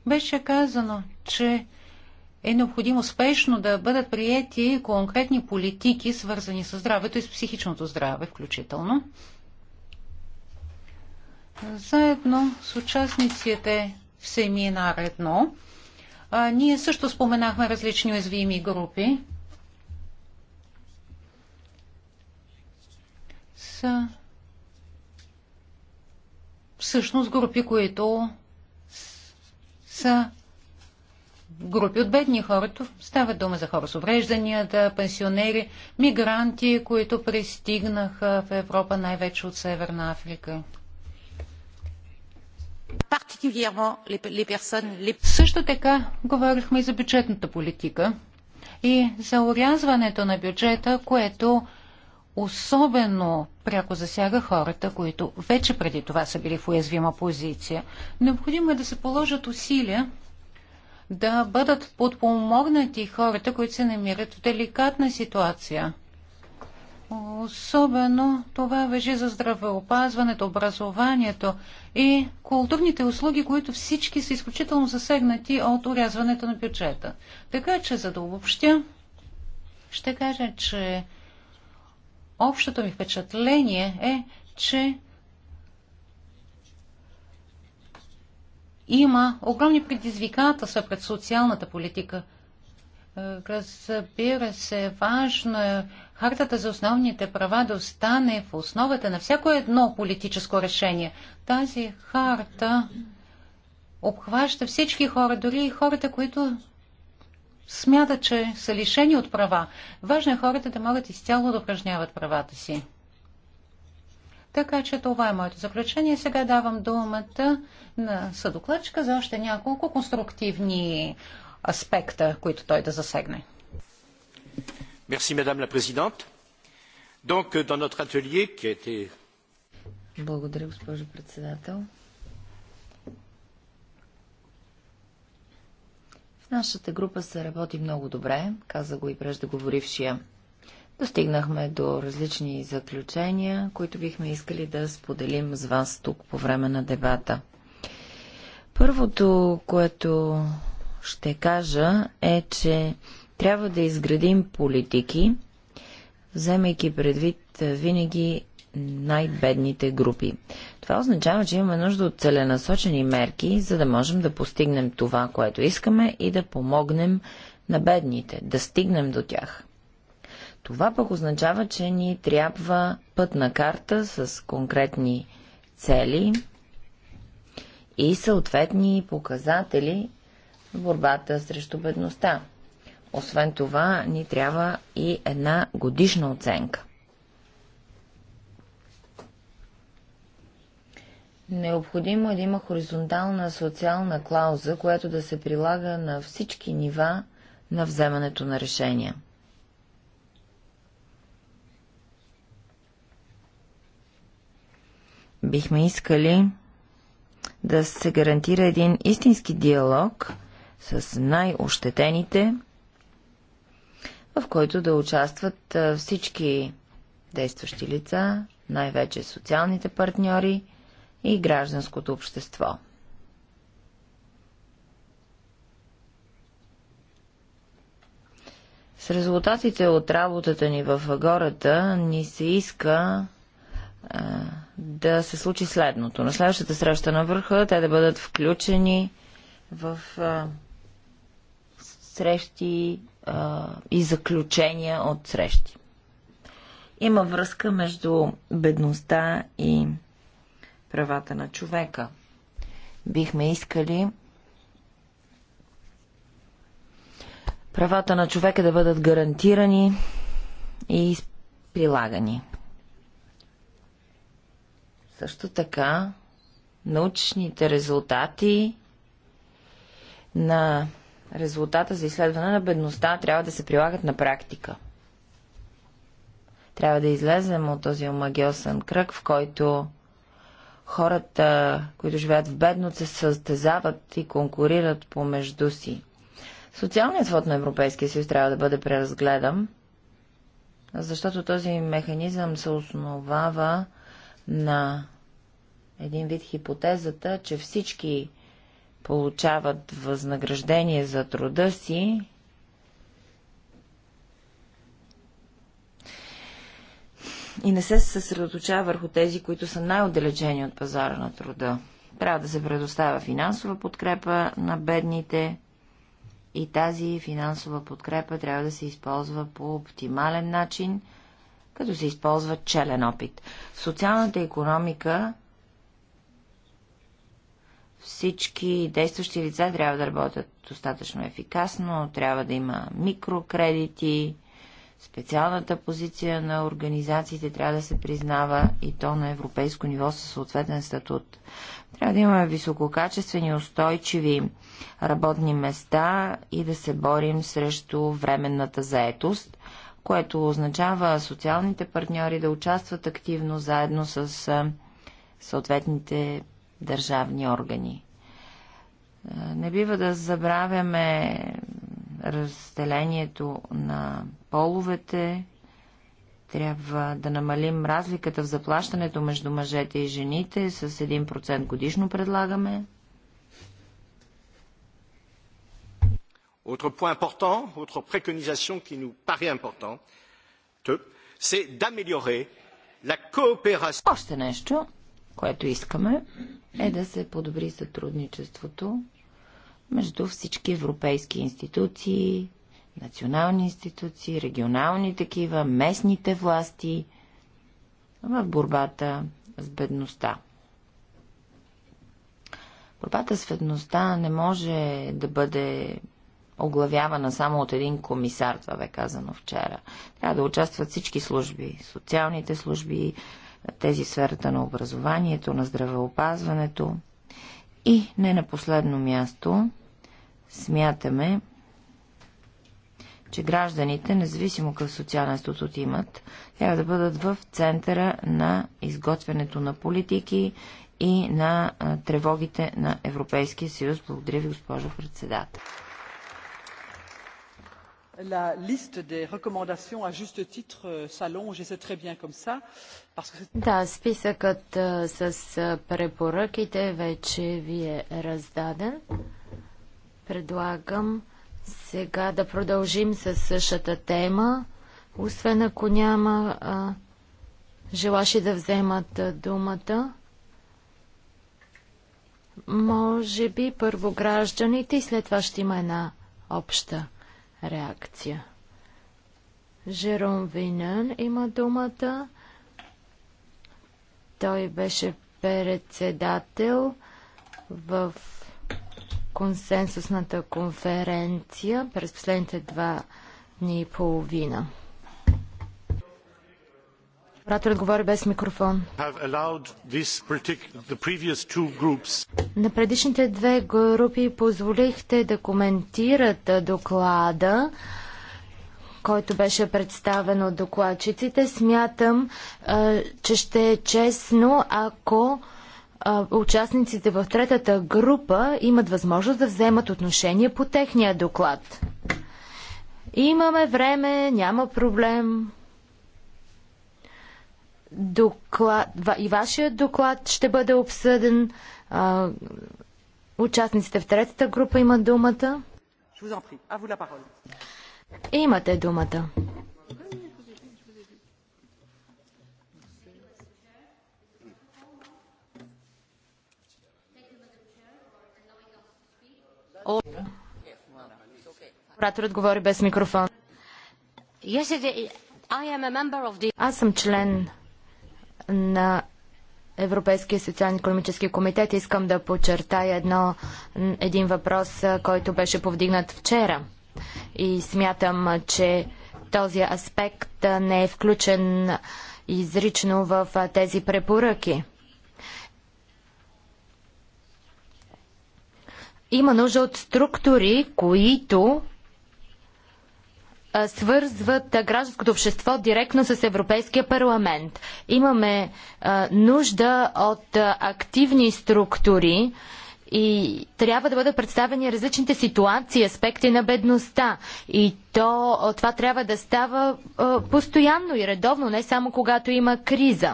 Беше казано, че е необходимо спешно да бъдат приети конкретни политики, свързани с здравето и с психичното здраве включително. Заедно с участниците в семинар едно, а, ние също споменахме различни уязвими групи. С всъщност групи, които са групи от бедни хора. Става дума за хора с уврежданията, пенсионери, мигранти, които пристигнаха в Европа най-вече от Северна Африка. Също така говорихме и за бюджетната политика и за урязването на бюджета, което особено пряко засяга хората, които вече преди това са били в уязвима позиция. Необходимо е да се положат усилия да бъдат подпомогнати хората, които се намират в деликатна ситуация. Особено това въжи за здравеопазването, образованието и културните услуги, които всички са изключително засегнати от урязването на бюджета. Така че, за да обобщя, ще кажа, че общото ми впечатление е, че Има огромни предизвикателства пред социалната политика. Е, разбира се, важно е хартата за основните права да остане в основата на всяко едно политическо решение. Тази харта обхваща всички хора, дори и хората, които смятат, че са лишени от права. Важно е хората да могат изцяло да упражняват правата си. Така че това е моето заключение. Сега давам думата на съдокладчика за още няколко конструктивни аспекта, които той да засегне. Merci, Madame la Présidente. Donc, dans notre atelier, qui a été... Благодаря, госпожо председател. В нашата група се работи много добре, каза го и преждеговорившия. Достигнахме до различни заключения, които бихме искали да споделим с вас тук по време на дебата. Първото, което ще кажа е, че трябва да изградим политики, вземайки предвид винаги най-бедните групи. Това означава, че имаме нужда от целенасочени мерки, за да можем да постигнем това, което искаме и да помогнем на бедните, да стигнем до тях. Това пък означава, че ни трябва пътна карта с конкретни цели и съответни показатели в борбата срещу бедността. Освен това, ни трябва и една годишна оценка. Необходимо е да има хоризонтална социална клауза, която да се прилага на всички нива на вземането на решения. Бихме искали да се гарантира един истински диалог с най-ощетените, в който да участват всички действащи лица, най-вече социалните партньори и гражданското общество. С резултатите от работата ни в Агората ни се иска да се случи следното. На следващата среща на върха те да бъдат включени в а, срещи а, и заключения от срещи. Има връзка между бедността и правата на човека. Бихме искали правата на човека да бъдат гарантирани и прилагани. Също така, научните резултати на резултата за изследване на бедността трябва да се прилагат на практика. Трябва да излезем от този омагиосен кръг, в който хората, които живеят в бедност, се състезават и конкурират помежду си. Социалният свод на Европейския съюз трябва да бъде преразгледан, защото този механизъм се основава на един вид хипотезата, че всички получават възнаграждение за труда си, и не се съсредоточава върху тези, които са най-отдалечени от пазара на труда. Трябва да се предоставя финансова подкрепа на бедните и тази финансова подкрепа трябва да се използва по оптимален начин – като се използва челен опит. В социалната економика всички действащи лица трябва да работят достатъчно ефикасно, трябва да има микрокредити, специалната позиция на организациите трябва да се признава и то на европейско ниво със съответен статут. Трябва да имаме висококачествени, устойчиви работни места и да се борим срещу временната заетост, което означава социалните партньори да участват активно заедно с съответните държавни органи. Не бива да забравяме разделението на половете. Трябва да намалим разликата в заплащането между мъжете и жените. С 1% годишно предлагаме Autre point important, autre préconisation qui nous paraît importante, c'est d'améliorer la coopération. Още нещо, което искаме, е да се подобри сътрудничеството между всички европейски институции, национални институции, регионални такива, местните власти в борбата с бедността. Борбата с бедността не може да бъде оглавявана само от един комисар, това бе казано вчера. Трябва да участват всички служби, социалните служби, тези сферата на образованието, на здравеопазването. И не на последно място, смятаме, че гражданите, независимо какъв социален статут имат, трябва да бъдат в центъра на изготвянето на политики и на тревогите на Европейския съюз. Благодаря ви, госпожо председател la liste des recommandations à juste titre euh, s'allonge et c'est très bien comme ça. Parce que... Да, списъкът с препоръките вече ви е раздаден. Предлагам сега да продължим с същата тема, освен ако няма а, желаши да вземат думата. Може би първо гражданите и след това ще има една обща реакция. Жером Винен има думата. Той беше председател в консенсусната конференция през последните два дни и половина. Ораторът говори без микрофон. На предишните две групи позволихте да коментират доклада, който беше представен от докладчиците. Смятам, че ще е честно, ако участниците в третата група имат възможност да вземат отношение по техния доклад. Имаме време, няма проблем доклад, и вашия доклад ще бъде обсъден. А, участниците в третата група имат думата. Имате думата. Ораторът говори без микрофон. Аз съм член на Европейския социално-економически комитет искам да подчертая едно, един въпрос, който беше повдигнат вчера. И смятам, че този аспект не е включен изрично в тези препоръки. Има нужда от структури, които свързват гражданското общество директно с Европейския парламент. Имаме нужда от активни структури, и трябва да бъдат представени различните ситуации, аспекти на бедността. И то, това трябва да става постоянно и редовно, не само когато има криза.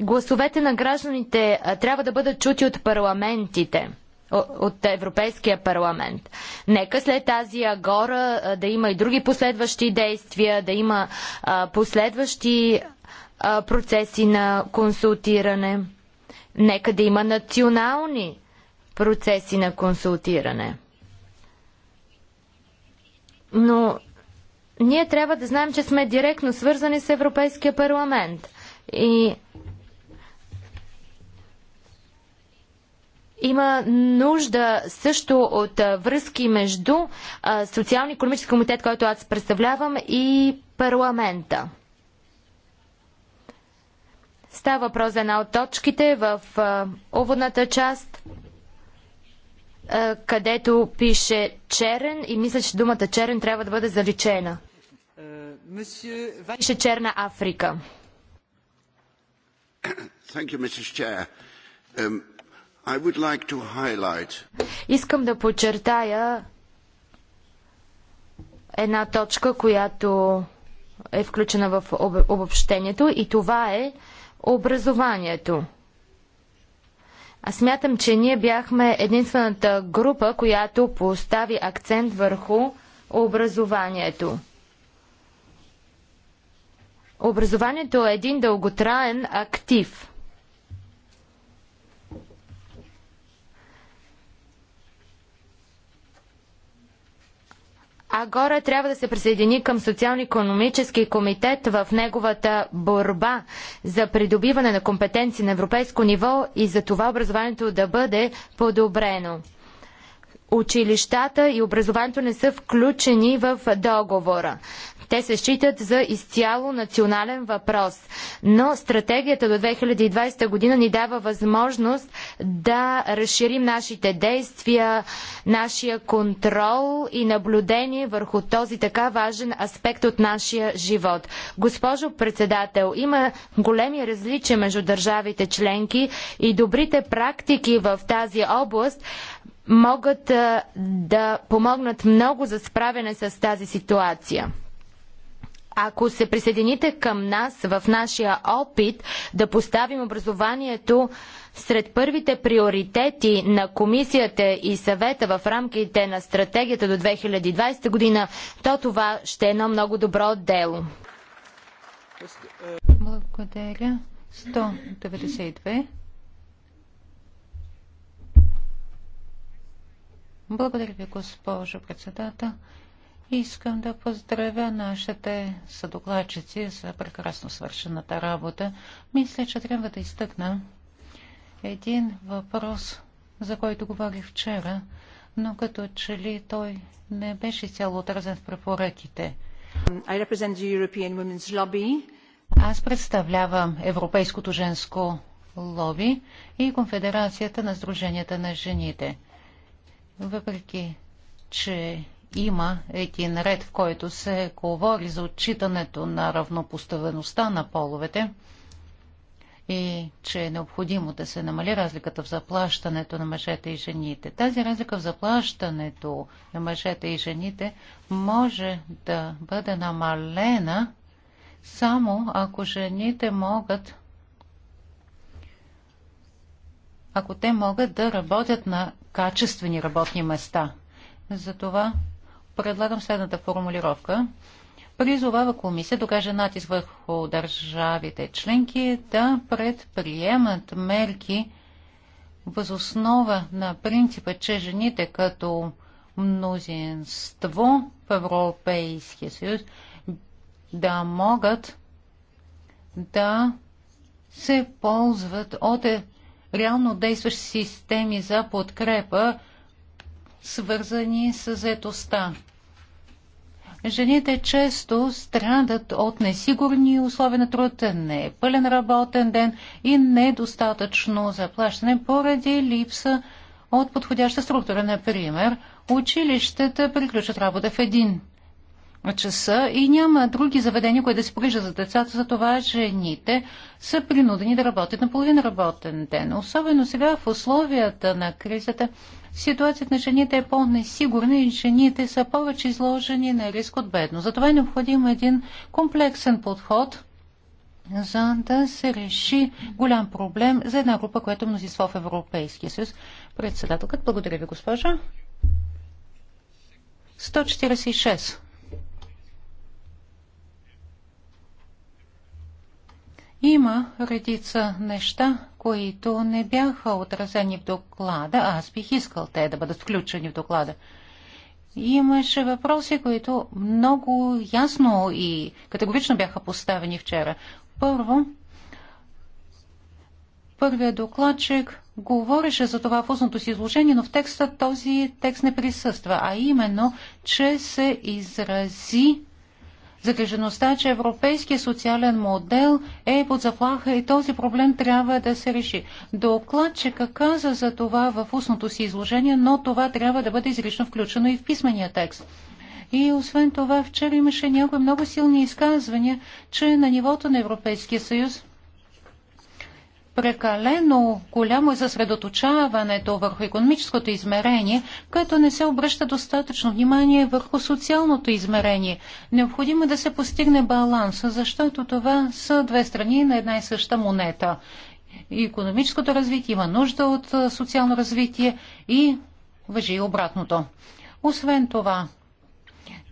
Гласовете на гражданите трябва да бъдат чути от парламентите от Европейския парламент. Нека след тази агора да има и други последващи действия, да има последващи процеси на консултиране. Нека да има национални процеси на консултиране. Но ние трябва да знаем, че сме директно свързани с Европейския парламент. И Има нужда също от връзки между социално-економически комитет, който аз представлявам, и парламента. Става въпрос за една от точките в уводната част, където пише черен и мисля, че думата черен трябва да бъде заличена. Пише черна Африка. You, um, like highlight... Искам да подчертая една точка, която е включена в об- обобщението и това е образованието. Аз смятам, че ние бяхме единствената група, която постави акцент върху образованието. Образованието е един дълготраен актив – Агора трябва да се присъедини към Социално-економически комитет в неговата борба за придобиване на компетенции на европейско ниво и за това образованието да бъде подобрено. Училищата и образованието не са включени в договора. Те се считат за изцяло национален въпрос. Но стратегията до 2020 година ни дава възможност да разширим нашите действия, нашия контрол и наблюдение върху този така важен аспект от нашия живот. Госпожо председател, има големи различия между държавите членки и добрите практики в тази област могат да помогнат много за справяне с тази ситуация. Ако се присъедините към нас в нашия опит да поставим образованието сред първите приоритети на комисията и съвета в рамките на стратегията до 2020 година, то това ще е едно много добро дело. Благодаря. 192. Благодаря ви, госпожо председател. Искам да поздравя нашите съдокладчици за прекрасно свършената работа. Мисля, че трябва да изтъкна един въпрос, за който говорих вчера, но като че ли той не беше цяло отразен в препоръките. Аз представлявам Европейското женско лоби и Конфедерацията на Сдруженията на жените. Въпреки, че има един ред, в който се говори за отчитането на равнопоставеността на половете и че е необходимо да се намали разликата в заплащането на мъжете и жените. Тази разлика в заплащането на мъжете и жените може да бъде намалена само ако жените могат ако те могат да работят на качествени работни места. Затова предлагам следната формулировка. Призовава комисия да окаже натиск върху държавите членки да предприемат мерки възоснова на принципа, че жените като мнозинство в Европейския съюз да могат да се ползват от реално действащи системи за подкрепа свързани с заетостта. Жените често страдат от несигурни условия на труд, не е пълен работен ден и недостатъчно заплащане поради липса от подходяща структура. Например, училищата приключат работа в един часа и няма други заведения, които да се погрижат за децата, затова жените са принудени да работят на половин работен ден. Особено сега в условията на кризата ситуацията на жените е по-несигурна и жените са повече изложени на риск от бедно. Затова е необходим един комплексен подход, за да се реши голям проблем за една група, която е мнозинство в Европейския съюз. Председателът, благодаря ви, госпожа. 146. Има редица неща, които не бяха отразени в доклада. Аз бих искал те да бъдат включени в доклада. Имаше въпроси, които много ясно и категорично бяха поставени вчера. Първо, първият докладчик говореше за това в устното си изложение, но в текста този текст не присъства, а именно, че се изрази загрижеността, че европейския социален модел е под заплаха и този проблем трябва да се реши. Докладчика каза за това в устното си изложение, но това трябва да бъде изрично включено и в писмения текст. И освен това, вчера имаше някои много силни изказвания, че на нивото на Европейския съюз прекалено голямо е съсредоточаването върху економическото измерение, като не се обръща достатъчно внимание върху социалното измерение. Необходимо е да се постигне баланс, защото това са две страни на една и съща монета. И економическото развитие има нужда от социално развитие и въжи и обратното. Освен това,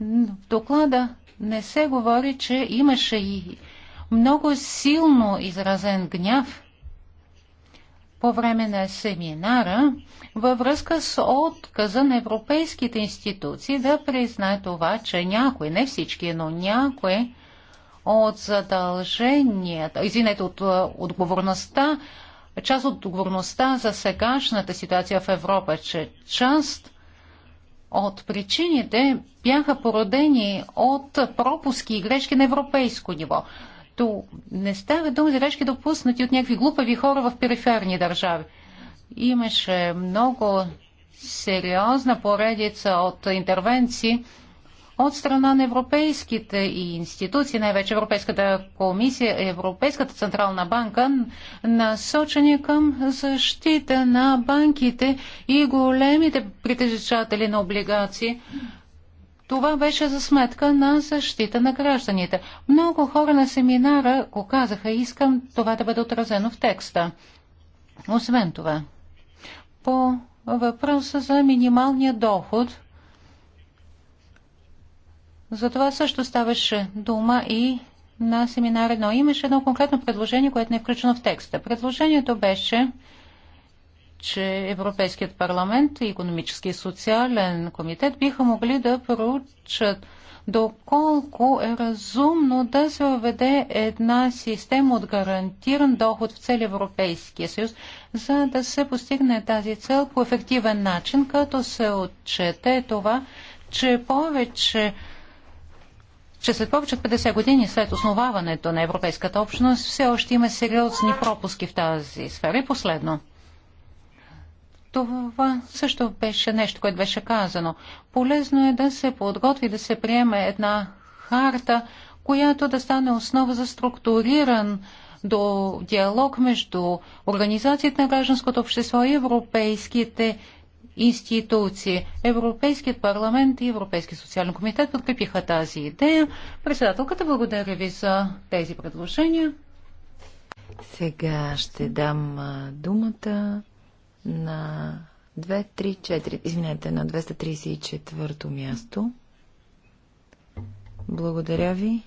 в доклада не се говори, че имаше и много силно изразен гняв по време на семинара във връзка с отказа на европейските институции да признае това, че някои, не всички, но някои от задълженията, извинете, от отговорността, част от отговорността за сегашната ситуация в Европа, че част от причините бяха породени от пропуски и грешки на европейско ниво. То не става дума за грешки допуснати от някакви глупави хора в периферни държави. Имаше много сериозна поредица от интервенции от страна на европейските и институции, най-вече Европейската комисия, Европейската централна банка, насочени към защита на банките и големите притежатели на облигации това беше за сметка на защита на гражданите. Много хора на семинара го казаха, искам това да бъде отразено в текста. Освен това, по въпроса за минималния доход, за това също ставаше дума и на семинар 1. Имаше едно конкретно предложение, което не е включено в текста. Предложението беше че Европейският парламент и економически и социален комитет биха могли да проучат доколко е разумно да се въведе една система от гарантиран доход в цели Европейския съюз, за да се постигне тази цел по ефективен начин, като се отчете това, че повече че след повече от 50 години след основаването на Европейската общност все още има сериозни пропуски в тази сфера. И последно. Това също беше нещо, което беше казано. Полезно е да се подготви, да се приеме една харта, която да стане основа за структуриран до диалог между организацията на гражданското общество и европейските институции. Европейският парламент и Европейски социален комитет подкрепиха тази идея. Председателката, благодаря ви за тези предложения. Сега ще дам думата на 234, извинете, на 234-то място. Благодаря ви.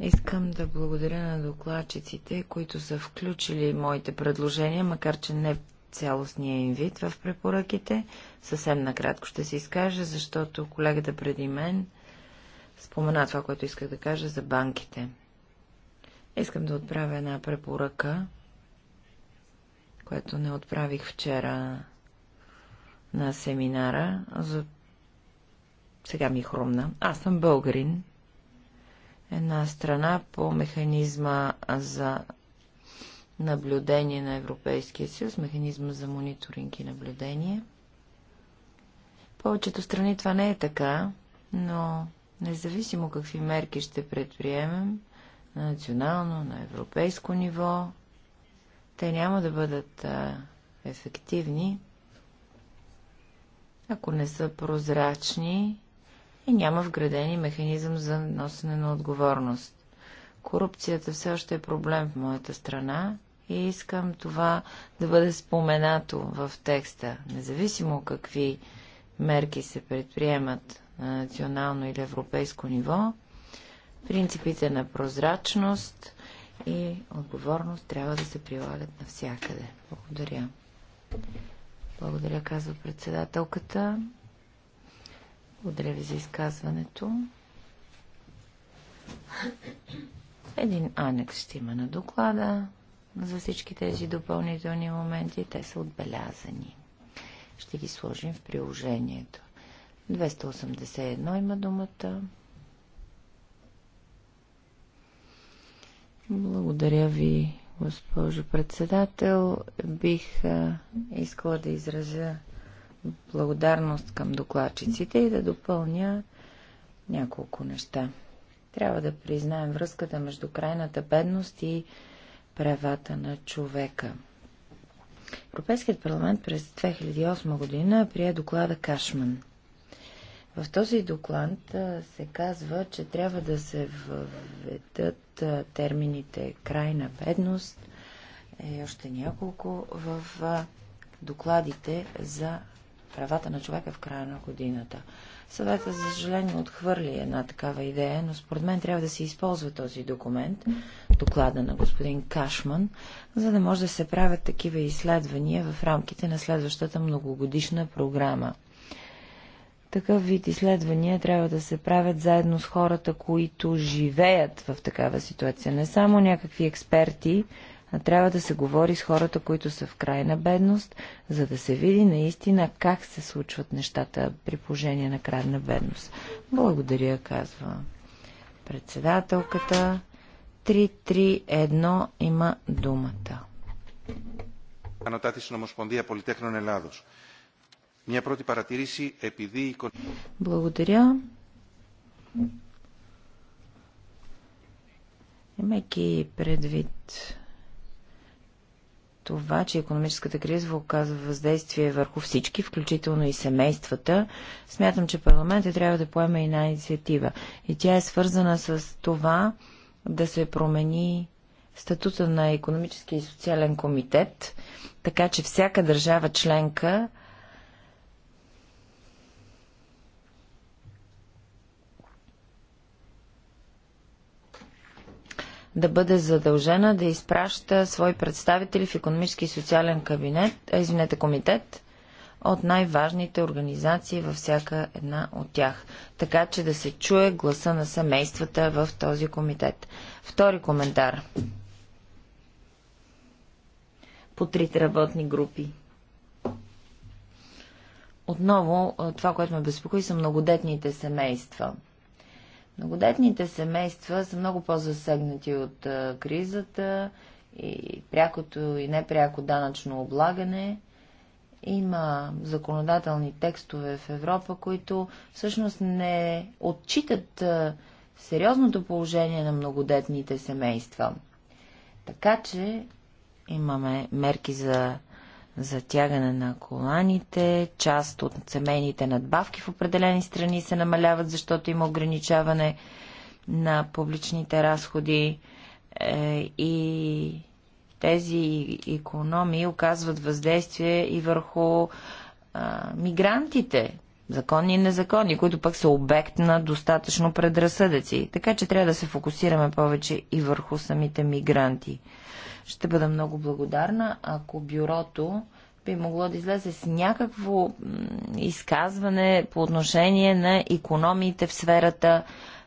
Искам да благодаря на докладчиците, които са включили моите предложения, макар че не цялостния им вид в препоръките. Съвсем накратко ще се изкажа, защото колегата преди мен спомена това, което исках да кажа за банките. Искам да отправя една препоръка което не отправих вчера на семинара. За... Сега ми хрумна. Аз съм българин. Една страна по механизма за наблюдение на Европейския съюз, механизма за мониторинг и наблюдение. повечето страни това не е така, но независимо какви мерки ще предприемем на национално, на европейско ниво, те няма да бъдат а, ефективни, ако не са прозрачни и няма вградени механизъм за носене на отговорност. Корупцията все още е проблем в моята страна и искам това да бъде споменато в текста, независимо какви мерки се предприемат на национално или европейско ниво. Принципите на прозрачност и отговорност трябва да се прилагат навсякъде. Благодаря. Благодаря, казва председателката. Благодаря ви за изказването. Един анекс ще има на доклада за всички тези допълнителни моменти. Те са отбелязани. Ще ги сложим в приложението. 281 има думата. Благодаря ви, госпожо председател. Бих искала да изразя благодарност към докладчиците и да допълня няколко неща. Трябва да признаем връзката между крайната бедност и правата на човека. Европейският парламент през 2008 година прие доклада Кашман – в този доклад се казва, че трябва да се введат термините крайна бедност и е, още няколко в докладите за правата на човека в края на годината. Съвета, за съжаление, отхвърли една такава идея, но според мен трябва да се използва този документ, доклада на господин Кашман, за да може да се правят такива изследвания в рамките на следващата многогодишна програма. Такъв вид изследвания трябва да се правят заедно с хората, които живеят в такава ситуация. Не само някакви експерти, а трябва да се говори с хората, които са в крайна бедност, за да се види наистина как се случват нещата при положение на крайна бедност. Благодаря, казва председателката. 331 има думата. Анотатична мошпондия Политехнон Ελλάδος. Μια πρώτη παρατήρηση, επειδή η Благодаря. Имайки предвид това, че економическата криза оказва въздействие върху всички, включително и семействата, смятам, че парламентът трябва да поеме една инициатива. И тя е свързана с това да се промени статута на економически и социален комитет, така че всяка държава членка да бъде задължена да изпраща свои представители в економически и социален кабинет, извинете, комитет от най-важните организации във всяка една от тях, така че да се чуе гласа на семействата в този комитет. Втори коментар. По трите работни групи. Отново, това, което ме безпокои, са многодетните семейства – Многодетните семейства са много по-засегнати от а, кризата и прякото и непряко данъчно облагане. Има законодателни текстове в Европа, които всъщност не отчитат а, сериозното положение на многодетните семейства. Така че имаме мерки за затягане на коланите, част от семейните надбавки в определени страни се намаляват, защото има ограничаване на публичните разходи е, и тези економии оказват въздействие и върху а, мигрантите, законни и незаконни, които пък са обект на достатъчно предразсъдъци. Така че трябва да се фокусираме повече и върху самите мигранти. Ще бъда много благодарна, ако бюрото би могло да излезе с някакво изказване по отношение на економиите в сферата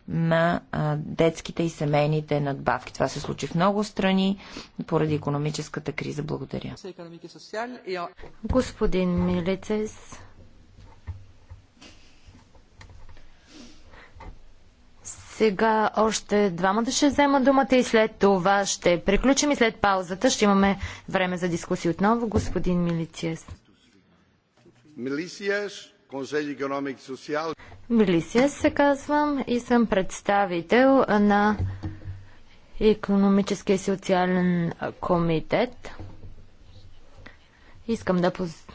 на детските и семейните надбавки. Това се случи в много страни поради економическата криза. Благодаря. Господин Милицес, Сега още двама да ще взема думата и след това ще приключим и след паузата ще имаме време за дискусия отново. Господин Милициес. Милициес, Консел економик социал. Милициес се казвам и съм представител на економическия и социален комитет. Искам да поздравя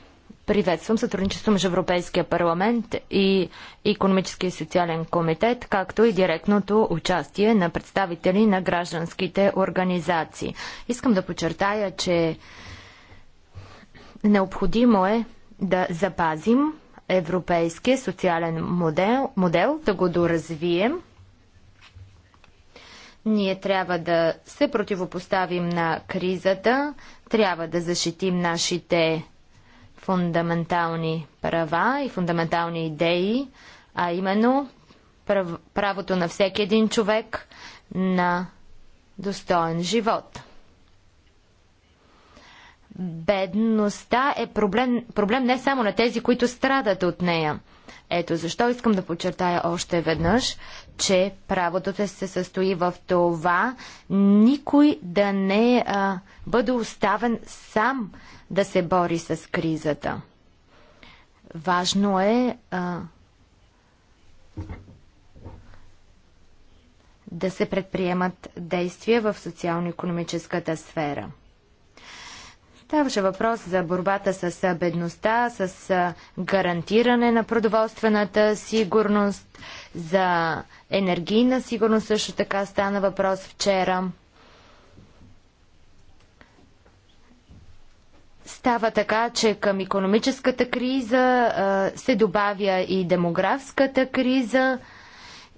Приветствам сътрудничество между Европейския парламент и Економическия и социален комитет, както и директното участие на представители на гражданските организации. Искам да подчертая, че необходимо е да запазим европейския социален модел, модел да го доразвием. Ние трябва да се противопоставим на кризата, трябва да защитим нашите фундаментални права и фундаментални идеи, а именно правото на всеки един човек на достоен живот. Бедността е проблем, проблем не само на тези, които страдат от нея. Ето защо искам да подчертая още веднъж, че правото се състои в това никой да не а, бъде оставен сам да се бори с кризата. Важно е а, да се предприемат действия в социално-економическата сфера. Ставаше въпрос за борбата с бедността, с гарантиране на продоволствената сигурност, за енергийна сигурност също така стана въпрос вчера. Става така, че към економическата криза се добавя и демографската криза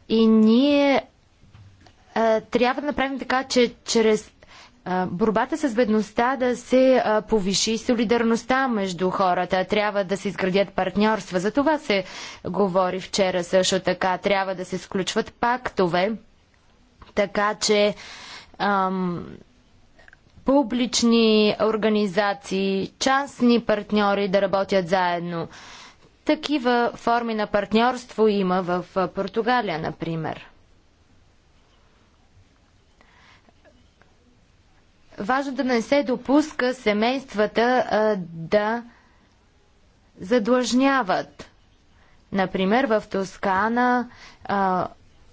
и ние трябва да направим така, че чрез борбата с бедността да се повиши солидарността между хората. Трябва да се изградят партньорства. За това се говори вчера също така. Трябва да се сключват пактове, така че ам, публични организации, частни партньори да работят заедно. Такива форми на партньорство има в Португалия, например. Важно да не се допуска семействата а, да задлъжняват. Например, в Тоскана а,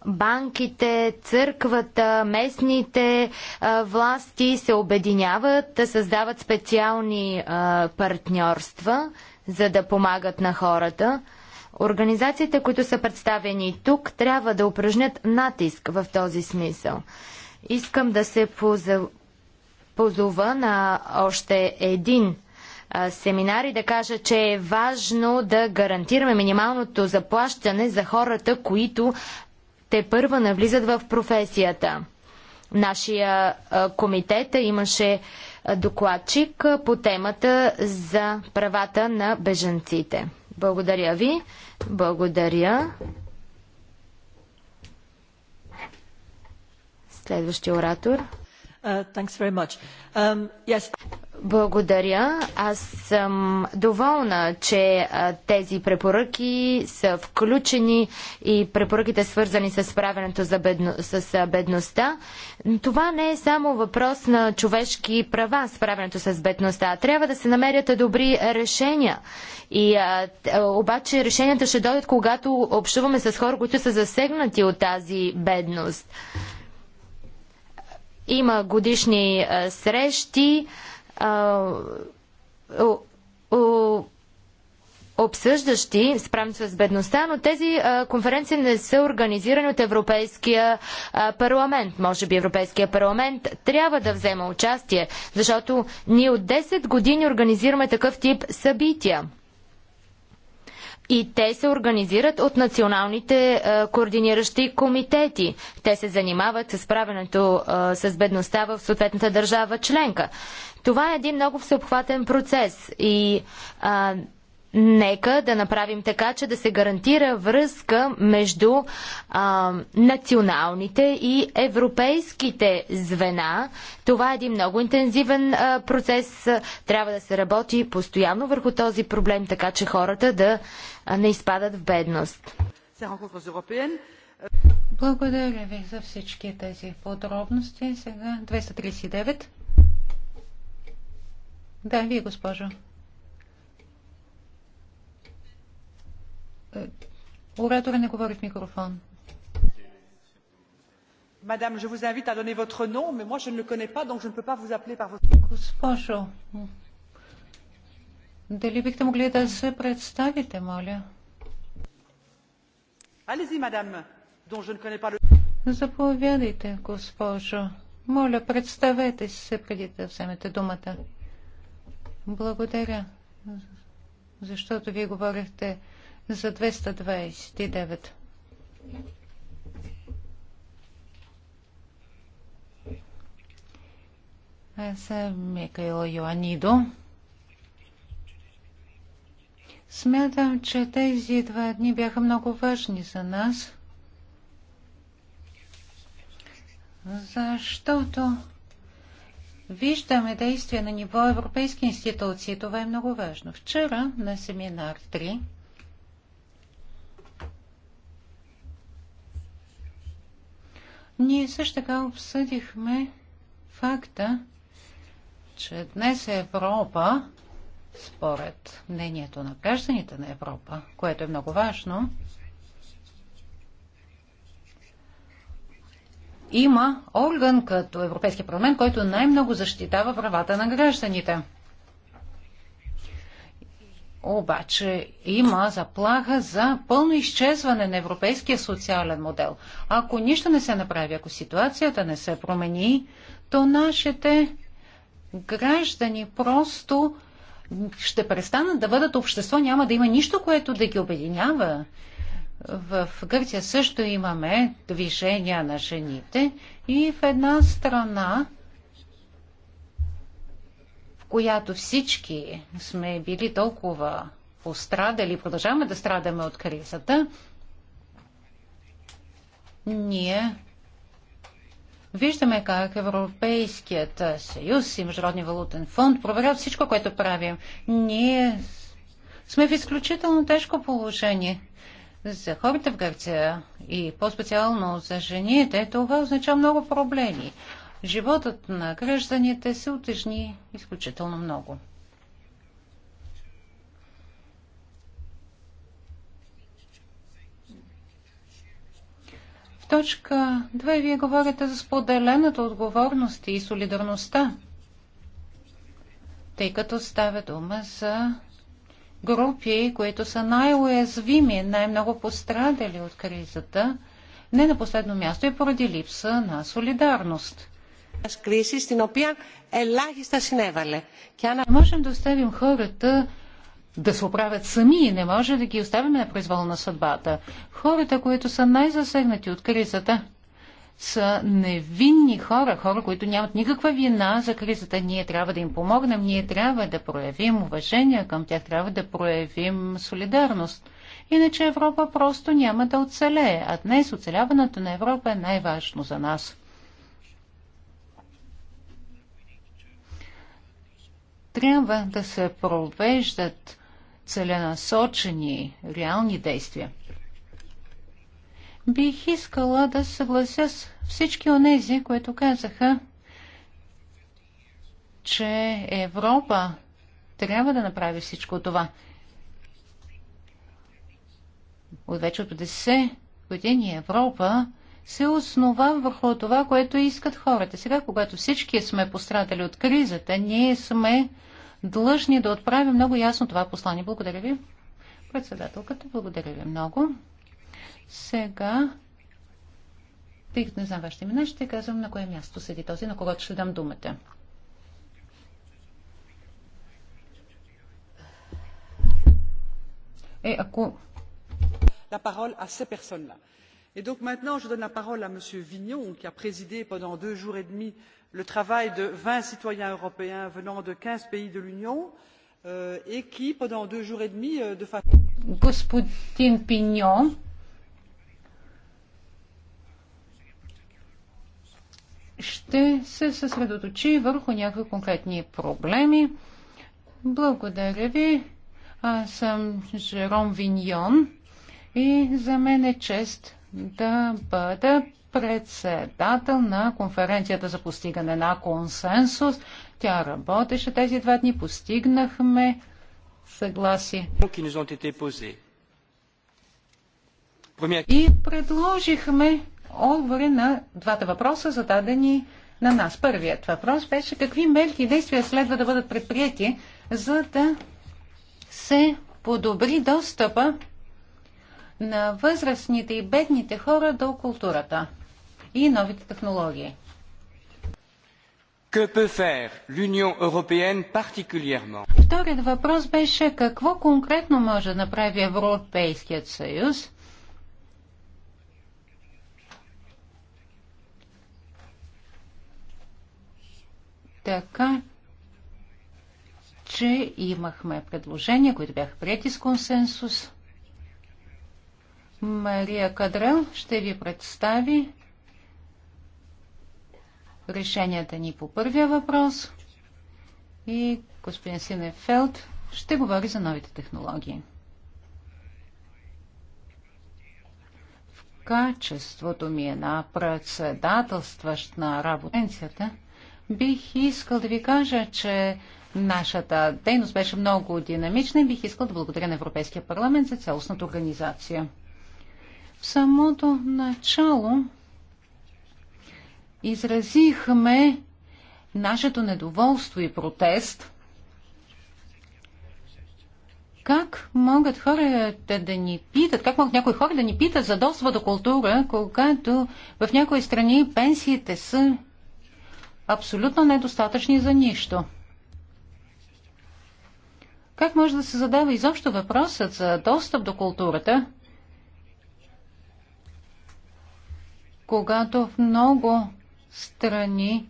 банките, църквата, местните а, власти се обединяват, да създават специални а, партньорства, за да помагат на хората. Организациите, които са представени тук, трябва да упражнят натиск в този смисъл. Искам да се поза позова на още един семинар и да кажа, че е важно да гарантираме минималното заплащане за хората, които те първа навлизат в професията. Нашия комитет имаше докладчик по темата за правата на бежанците. Благодаря ви. Благодаря. Следващия оратор. Uh, um, Благодаря. Аз съм доволна, че тези препоръки са включени и препоръките свързани с правенето за бедно... с бедността. Това не е само въпрос на човешки права, справянето с бедността. Трябва да се намерят добри решения. И а, обаче решенията ще дойдат, когато общуваме с хора, които са засегнати от тази бедност. Има годишни а, срещи. А, о, о, обсъждащи справенето с бедността, но тези а, конференции не са организирани от Европейския а, парламент. Може би Европейския парламент трябва да взема участие, защото ние от 10 години организираме такъв тип събития. И те се организират от националните а, е, координиращи комитети. Те се занимават с правенето а, е, с бедността в съответната държава членка. Това е един много всеобхватен процес и а, е, Нека да направим така, че да се гарантира връзка между а, националните и европейските звена. Това е един много интензивен а, процес. Трябва да се работи постоянно върху този проблем, така че хората да а, не изпадат в бедност. Благодаря ви за всички тези подробности. Сега 239. Да, вие, госпожо. Оратора не говори в микрофон. Мадам, je vous invite à donner votre nom, mais moi je ne le connais pas, donc je ne peux pas vous appeler par votre Госпожо, дали бихте могли да се представите, моля? Allez-y, madame, dont je ne connais pas le... Заповядайте, госпожо. Моля, представете се преди да вземете думата. Благодаря, защото вие говорихте за 229. Аз съм Микаила Йоанидо. Смятам, че тези два дни бяха много важни за нас, защото виждаме действия на ниво европейски институции. Това е много важно. Вчера на семинар Ние също така обсъдихме факта, че днес е Европа, според мнението на гражданите на Европа, което е много важно, има орган като Европейския парламент, който най-много защитава правата на гражданите обаче има заплаха за пълно изчезване на европейския социален модел. Ако нищо не се направи, ако ситуацията не се промени, то нашите граждани просто ще престанат да бъдат общество, няма да има нищо, което да ги обединява. В Гърция също имаме движения на жените и в една страна която всички сме били толкова пострадали, продължаваме да страдаме от кризата, ние виждаме как Европейският съюз и Международния валутен фонд проверяват всичко, което правим. Ние сме в изключително тежко положение. За хората в Гърция и по-специално за жените това означава много проблеми животът на гражданите се утежни изключително много. В точка 2 вие говорите за споделената отговорност и солидарността, тъй като става дума за групи, които са най-уязвими, най-много пострадали от кризата, не на последно място и поради липса на солидарност. Кризис, στην οποία ελάχιστα συνέβαλε. Не можем да оставим хората да се оправят сами и не може да ги оставяме на произвол на съдбата. Хората, които са най-засегнати от кризата, са невинни хора, хора, които нямат никаква вина за кризата. Ние трябва да им помогнем, ние трябва да проявим уважение към тях, трябва да проявим солидарност. Иначе Европа просто няма да оцелее, а днес оцеляването на Европа е най-важно за нас. трябва да се провеждат целенасочени реални действия. Бих искала да съглася с всички онези, които казаха, че Европа трябва да направи всичко това. От вече от 10 години Европа се основа върху това, което искат хората. Сега, когато всички сме пострадали от кризата, ние сме длъжни да отправим много ясно това послание. Благодаря ви, председателката. Благодаря ви много. Сега, тъй като не знам вашите имена, ще казвам на кое място седи този, на когото ще дам думата. Е, ако... La parole à ces personnes-là. Et donc maintenant, je donne la parole à M. Vignon, qui a présidé pendant deux jours et demi le travail de vingt citoyens européens venant de quinze pays de l'Union et qui, pendant deux jours et demi, de façon. ще се съсредоточи върху някои конкретни проблеми. Благодаря ви. Аз съм Жером Виньон и за мен е чест да бъда председател на конференцията за постигане на консенсус. Тя работеше тези два дни, постигнахме съгласие. И предложихме отговори на двата въпроса, зададени на нас. Първият въпрос беше какви мерки и действия следва да бъдат предприяти, за да се подобри достъпа на възрастните и бедните хора до културата и новите технологии. Que peut faire l'Union européenne particulièrement? Вторият въпрос беше какво конкретно може да направи Европейският съюз така, че имахме предложения, които бяха прияти с консенсус. Мария Кадрел ще ви представи решенията ни по първия въпрос и господин Синефелд ще говори за новите технологии. В качеството ми е на председателстващ на работенцията, бих искал да ви кажа, че нашата дейност беше много динамична и бих искал да благодаря на Европейския парламент за цялостната организация. В самото начало изразихме нашето недоволство и протест. Как могат хората да ни питат, как могат някои хора да ни питат за достъпа до култура, когато в някои страни пенсиите са абсолютно недостатъчни за нищо? Как може да се задава изобщо въпросът за достъп до културата, когато в много страни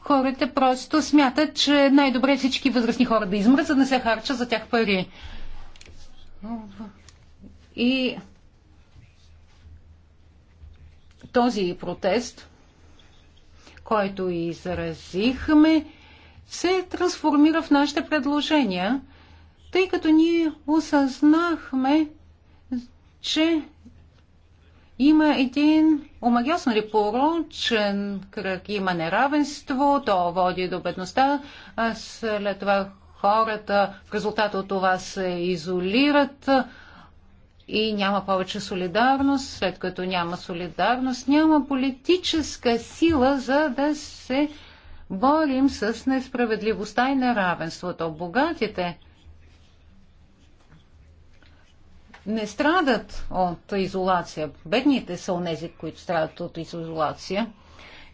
хората просто смятат, че най-добре е всички възрастни хора да измрат, за да не се харчат за тях пари. И този протест, който изразихме, се трансформира в нашите предложения, тъй като ние осъзнахме, че има един омагиосен ли порочен кръг. Има неравенство, то води до бедността, а след това хората в резултат от това се изолират и няма повече солидарност. След като няма солидарност, няма политическа сила за да се борим с несправедливостта и неравенството. Богатите не страдат от изолация. Бедните са онези, които страдат от изолация.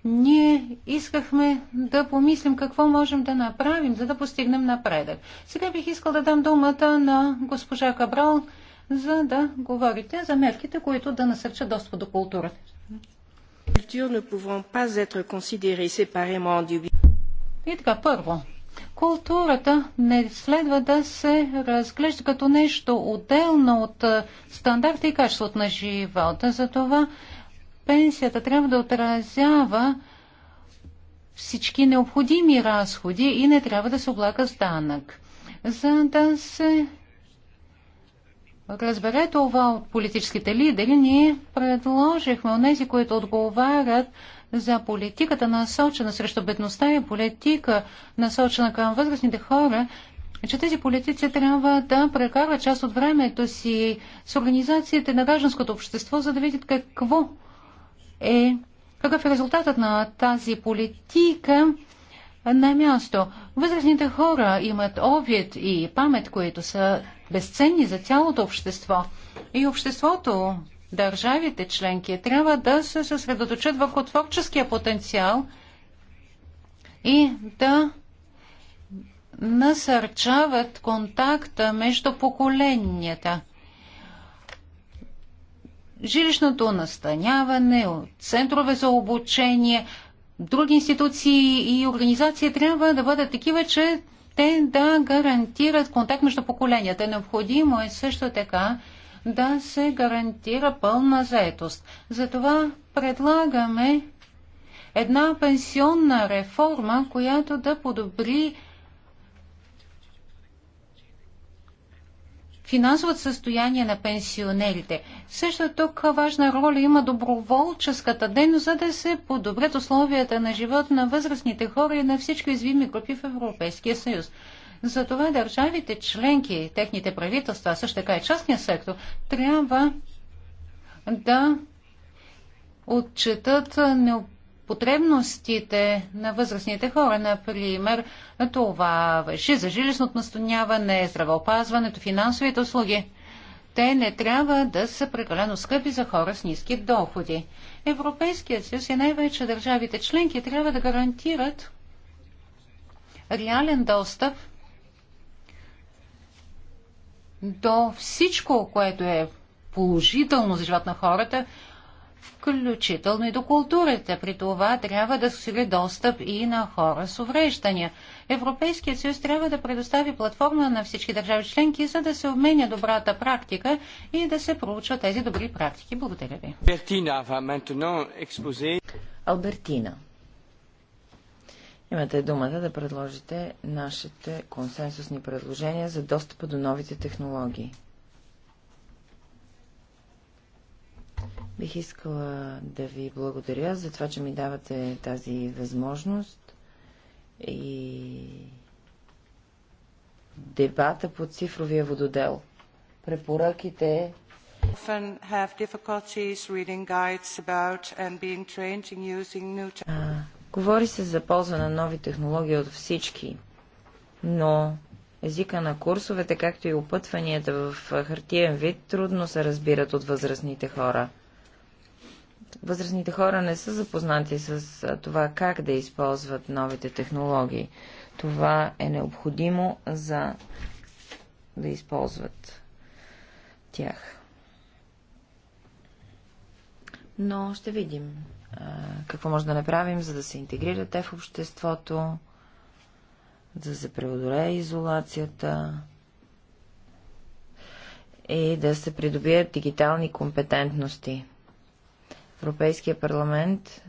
Ние искахме да помислим какво можем да направим, за да постигнем напредък. Сега бих искал да дам думата на госпожа Кабрал, за да говорите за мерките, които да насърчат доста до културата. И така, първо, Културата не следва да се разглежда като нещо отделно от стандарта и качеството на живота. Затова пенсията трябва да отразява всички необходими разходи и не трябва да се облага с данък. За да се разбере това от политическите лидери, ние предложихме от тези, които отговарят за политиката насочена срещу бедността и политика насочена към възрастните хора, е, че тези политици трябва да прекарат част от времето си с организациите на гражданското общество, за да видят какво е, какъв е резултатът на тази политика на място. Възрастните хора имат овид и памет, които са безценни за цялото общество. И обществото държавите членки трябва да се съсредоточат върху творческия потенциал и да насърчават контакта между поколенията. Жилищното настаняване, центрове за обучение, други институции и организации трябва да бъдат такива, че те да гарантират контакт между поколенията. Необходимо е също така да се гарантира пълна заетост. Затова предлагаме една пенсионна реформа, която да подобри финансовото състояние на пенсионерите. Също тук важна роля има доброволческата дейност, за да се подобрят условията на живот на възрастните хора и на всички уязвими групи в Европейския съюз. Затова държавите членки, техните правителства, също така и частния сектор, трябва да отчитат потребностите на възрастните хора. Например, това въжи за жилищно настаняване, здравеопазването, финансовите услуги. Те не трябва да са прекалено скъпи за хора с ниски доходи. Европейският съюз и най-вече държавите членки трябва да гарантират реален достъп до всичко, което е положително за живот на хората, включително и до културата. При това трябва да осигури достъп и на хора с увреждания. Европейският съюз трябва да предостави платформа на всички държави членки, за да се обменя добрата практика и да се проучват тези добри практики. Благодаря ви. Албертина. Имате думата да предложите нашите консенсусни предложения за достъпа до новите технологии. Бих искала да ви благодаря за това, че ми давате тази възможност и дебата по цифровия вододел. Препоръките often have difficulties reading guides about and being trained in using new Говори се за полза на нови технологии от всички, но езика на курсовете, както и опътванията в хартиен вид, трудно се разбират от възрастните хора. Възрастните хора не са запознати с това как да използват новите технологии. Това е необходимо за да използват тях. Но ще видим какво може да направим, за да се интегрират те в обществото, да се преодолее изолацията и да се придобият дигитални компетентности. Европейския парламент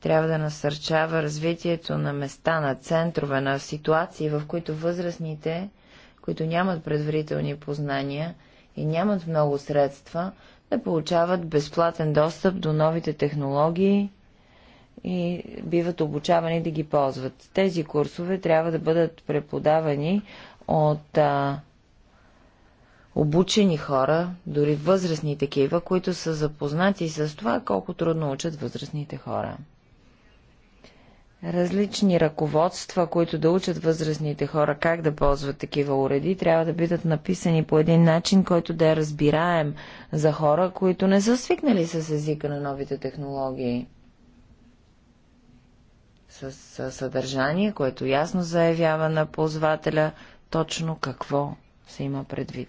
трябва да насърчава развитието на места, на центрове, на ситуации, в които възрастните, които нямат предварителни познания и нямат много средства, да получават безплатен достъп до новите технологии и биват обучавани да ги ползват. Тези курсове трябва да бъдат преподавани от а, обучени хора, дори възрастни такива, които са запознати с това колко трудно учат възрастните хора различни ръководства, които да учат възрастните хора как да ползват такива уреди, трябва да бъдат написани по един начин, който да е разбираем за хора, които не са свикнали с езика на новите технологии. С, съдържание, което ясно заявява на ползвателя точно какво се има предвид.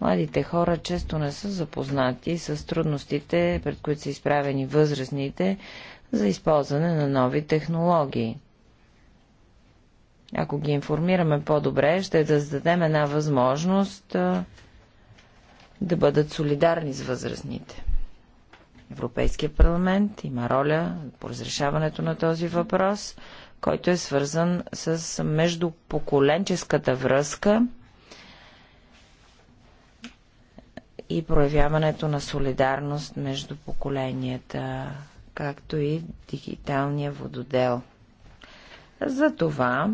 Младите хора често не са запознати с трудностите, пред които са изправени възрастните, за използване на нови технологии. Ако ги информираме по-добре, ще да зададем една възможност да бъдат солидарни с възрастните. Европейския парламент има роля по разрешаването на този въпрос, който е свързан с междупоколенческата връзка и проявяването на солидарност между поколенията както и дигиталния вододел. Затова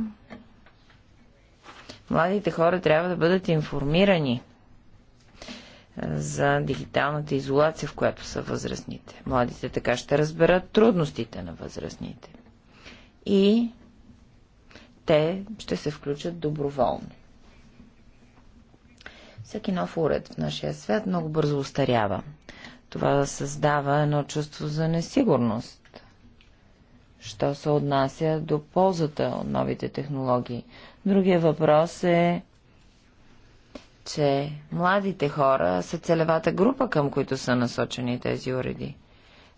младите хора трябва да бъдат информирани за дигиталната изолация, в която са възрастните. Младите така ще разберат трудностите на възрастните. И те ще се включат доброволно. Всеки нов уред в нашия свят много бързо устарява. Това създава едно чувство за несигурност. Що се отнася до ползата от новите технологии? Другия въпрос е, че младите хора са целевата група, към които са насочени тези уреди.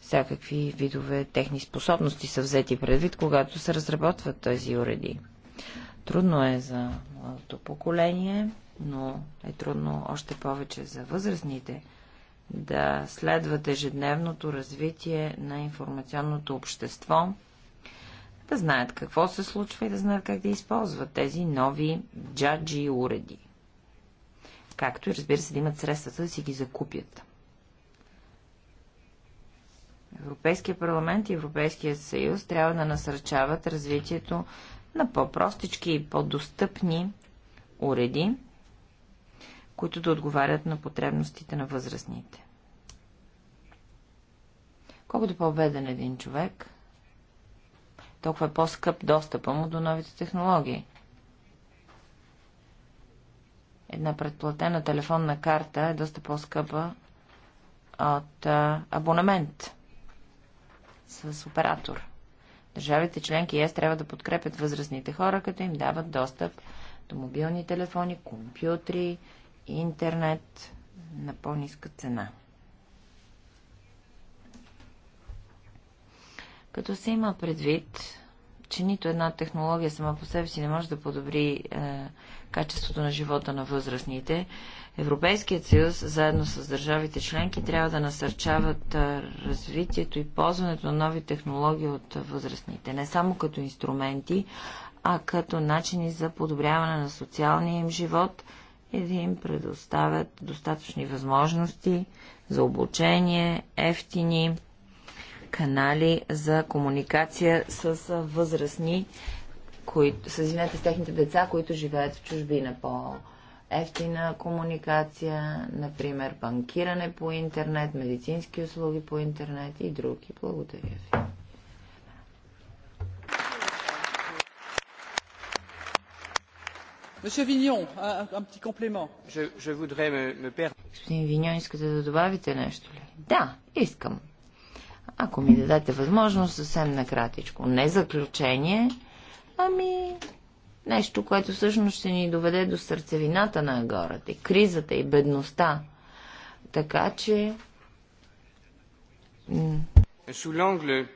Всякакви видове техни способности са взети предвид, когато се разработват тези уреди. Трудно е за младото поколение, но е трудно още повече за възрастните, да следват ежедневното развитие на информационното общество, да знаят какво се случва и да знаят как да използват тези нови джаджи и уреди. Както и разбира се да имат средствата да си ги закупят. Европейския парламент и Европейския съюз трябва да насърчават развитието на по-простички и по-достъпни уреди, които да отговарят на потребностите на възрастните. Колкото е по-беден един човек, толкова е по-скъп достъпа му до новите технологии. Една предплатена телефонна карта е доста по-скъпа от а, абонамент с оператор. Държавите членки ЕС трябва да подкрепят възрастните хора, като им дават достъп до мобилни телефони, компютри и интернет на по-ниска цена. Като се има предвид, че нито една технология сама по себе си не може да подобри е, качеството на живота на възрастните, Европейският съюз, заедно с държавите членки, трябва да насърчават е, развитието и ползването на нови технологии от възрастните. Не само като инструменти, а като начини за подобряване на социалния им живот – и да им предоставят достатъчни възможности за обучение, ефтини канали за комуникация с възрастни, които, с, извинете, с техните деца, които живеят в чужбина по ефтина комуникация, например банкиране по интернет, медицински услуги по интернет и други. Благодаря ви. Господин Виньон, искате да добавите нещо ли? Да, искам. Ако ми дадете възможност, съвсем накратичко. Не заключение, ами нещо, което всъщност ще ни доведе до сърцевината на агората, и кризата, и бедността. Така че... Sous l'angle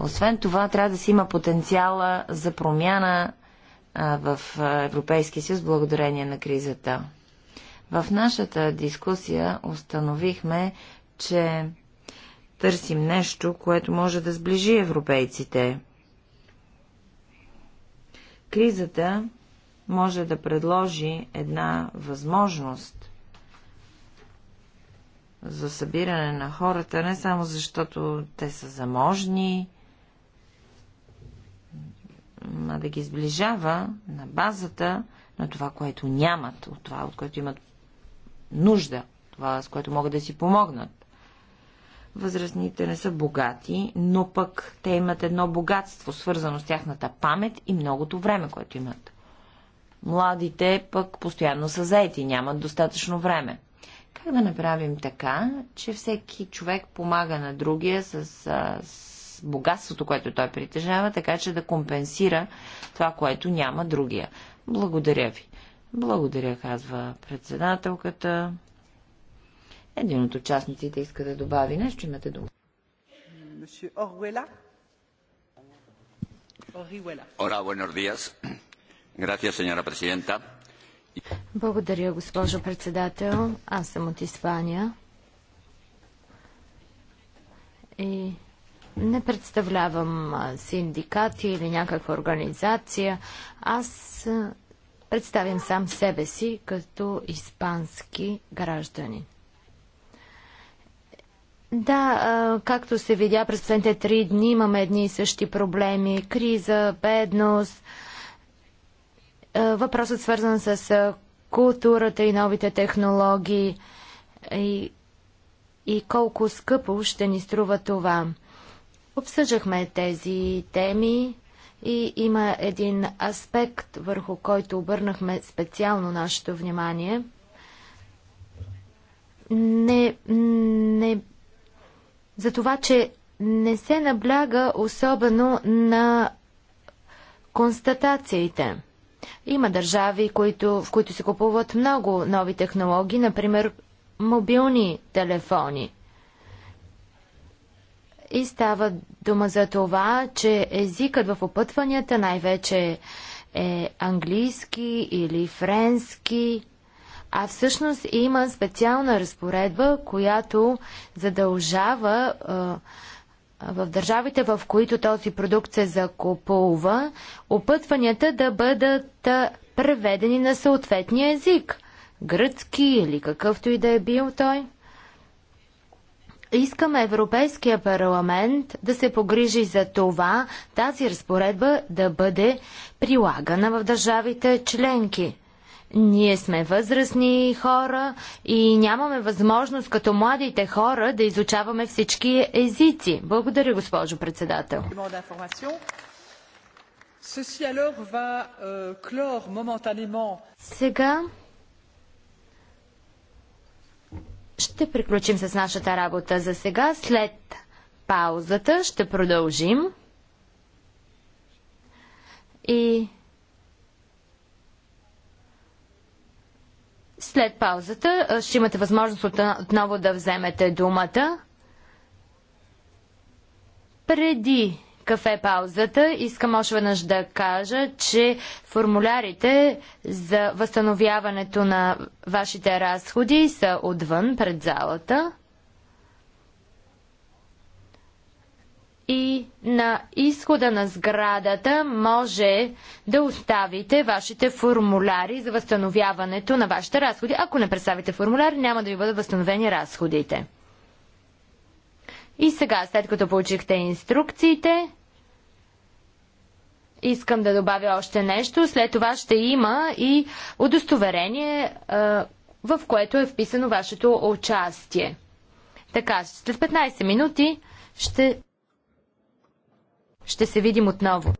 освен това, трябва да си има потенциала за промяна в Европейския съюз благодарение на кризата. В нашата дискусия установихме, че търсим нещо, което може да сближи европейците. Кризата може да предложи една възможност за събиране на хората, не само защото те са заможни, а да ги сближава на базата на това, което нямат, от това, от което имат нужда, това, с което могат да си помогнат. Възрастните не са богати, но пък те имат едно богатство, свързано с тяхната памет и многото време, което имат. Младите пък постоянно са заети, нямат достатъчно време. Как да направим така, че всеки човек помага на другия с, с богатството, което той притежава, така че да компенсира това, което няма другия? Благодаря ви. Благодаря, казва председателката. Един от участниците иска да добави нещо. Имате дума. Hola, buenos días. Gracias, señora presidenta. Благодаря, госпожо председател. Аз съм от Испания и не представлявам синдикати или някаква организация. Аз представям сам себе си като испански граждани. Да, както се видя през последните три дни, имаме едни и същи проблеми. Криза, бедност, е, въпросът свързан с е, културата и новите технологии и, и колко скъпо ще ни струва това. Обсъждахме тези теми и има един аспект, върху който обърнахме специално нашето внимание. Не, не, за това, че не се набляга особено на констатациите. Има държави, които, в които се купуват много нови технологии, например мобилни телефони. И става дума за това, че езикът в опътванията най-вече е английски или френски, а всъщност има специална разпоредба, която задължава е, в държавите, в които този продукт се закупува, опътванията да бъдат преведени на съответния език. Гръцки или какъвто и да е бил той. Искаме Европейския парламент да се погрижи за това тази разпоредба да бъде прилагана в държавите членки. Ние сме възрастни хора и нямаме възможност като младите хора да изучаваме всички езици. Благодаря, госпожо председател. Euh, сега ще приключим с нашата работа за сега. След паузата ще продължим. И След паузата ще имате възможност отново да вземете думата. Преди кафе паузата искам още веднъж да кажа, че формулярите за възстановяването на вашите разходи са отвън пред залата. и на изхода на сградата може да оставите вашите формуляри за възстановяването на вашите разходи. Ако не представите формуляри, няма да ви бъдат възстановени разходите. И сега, след като получихте инструкциите, искам да добавя още нещо. След това ще има и удостоверение, в което е вписано вашето участие. Така, след 15 минути ще ще се видим отново.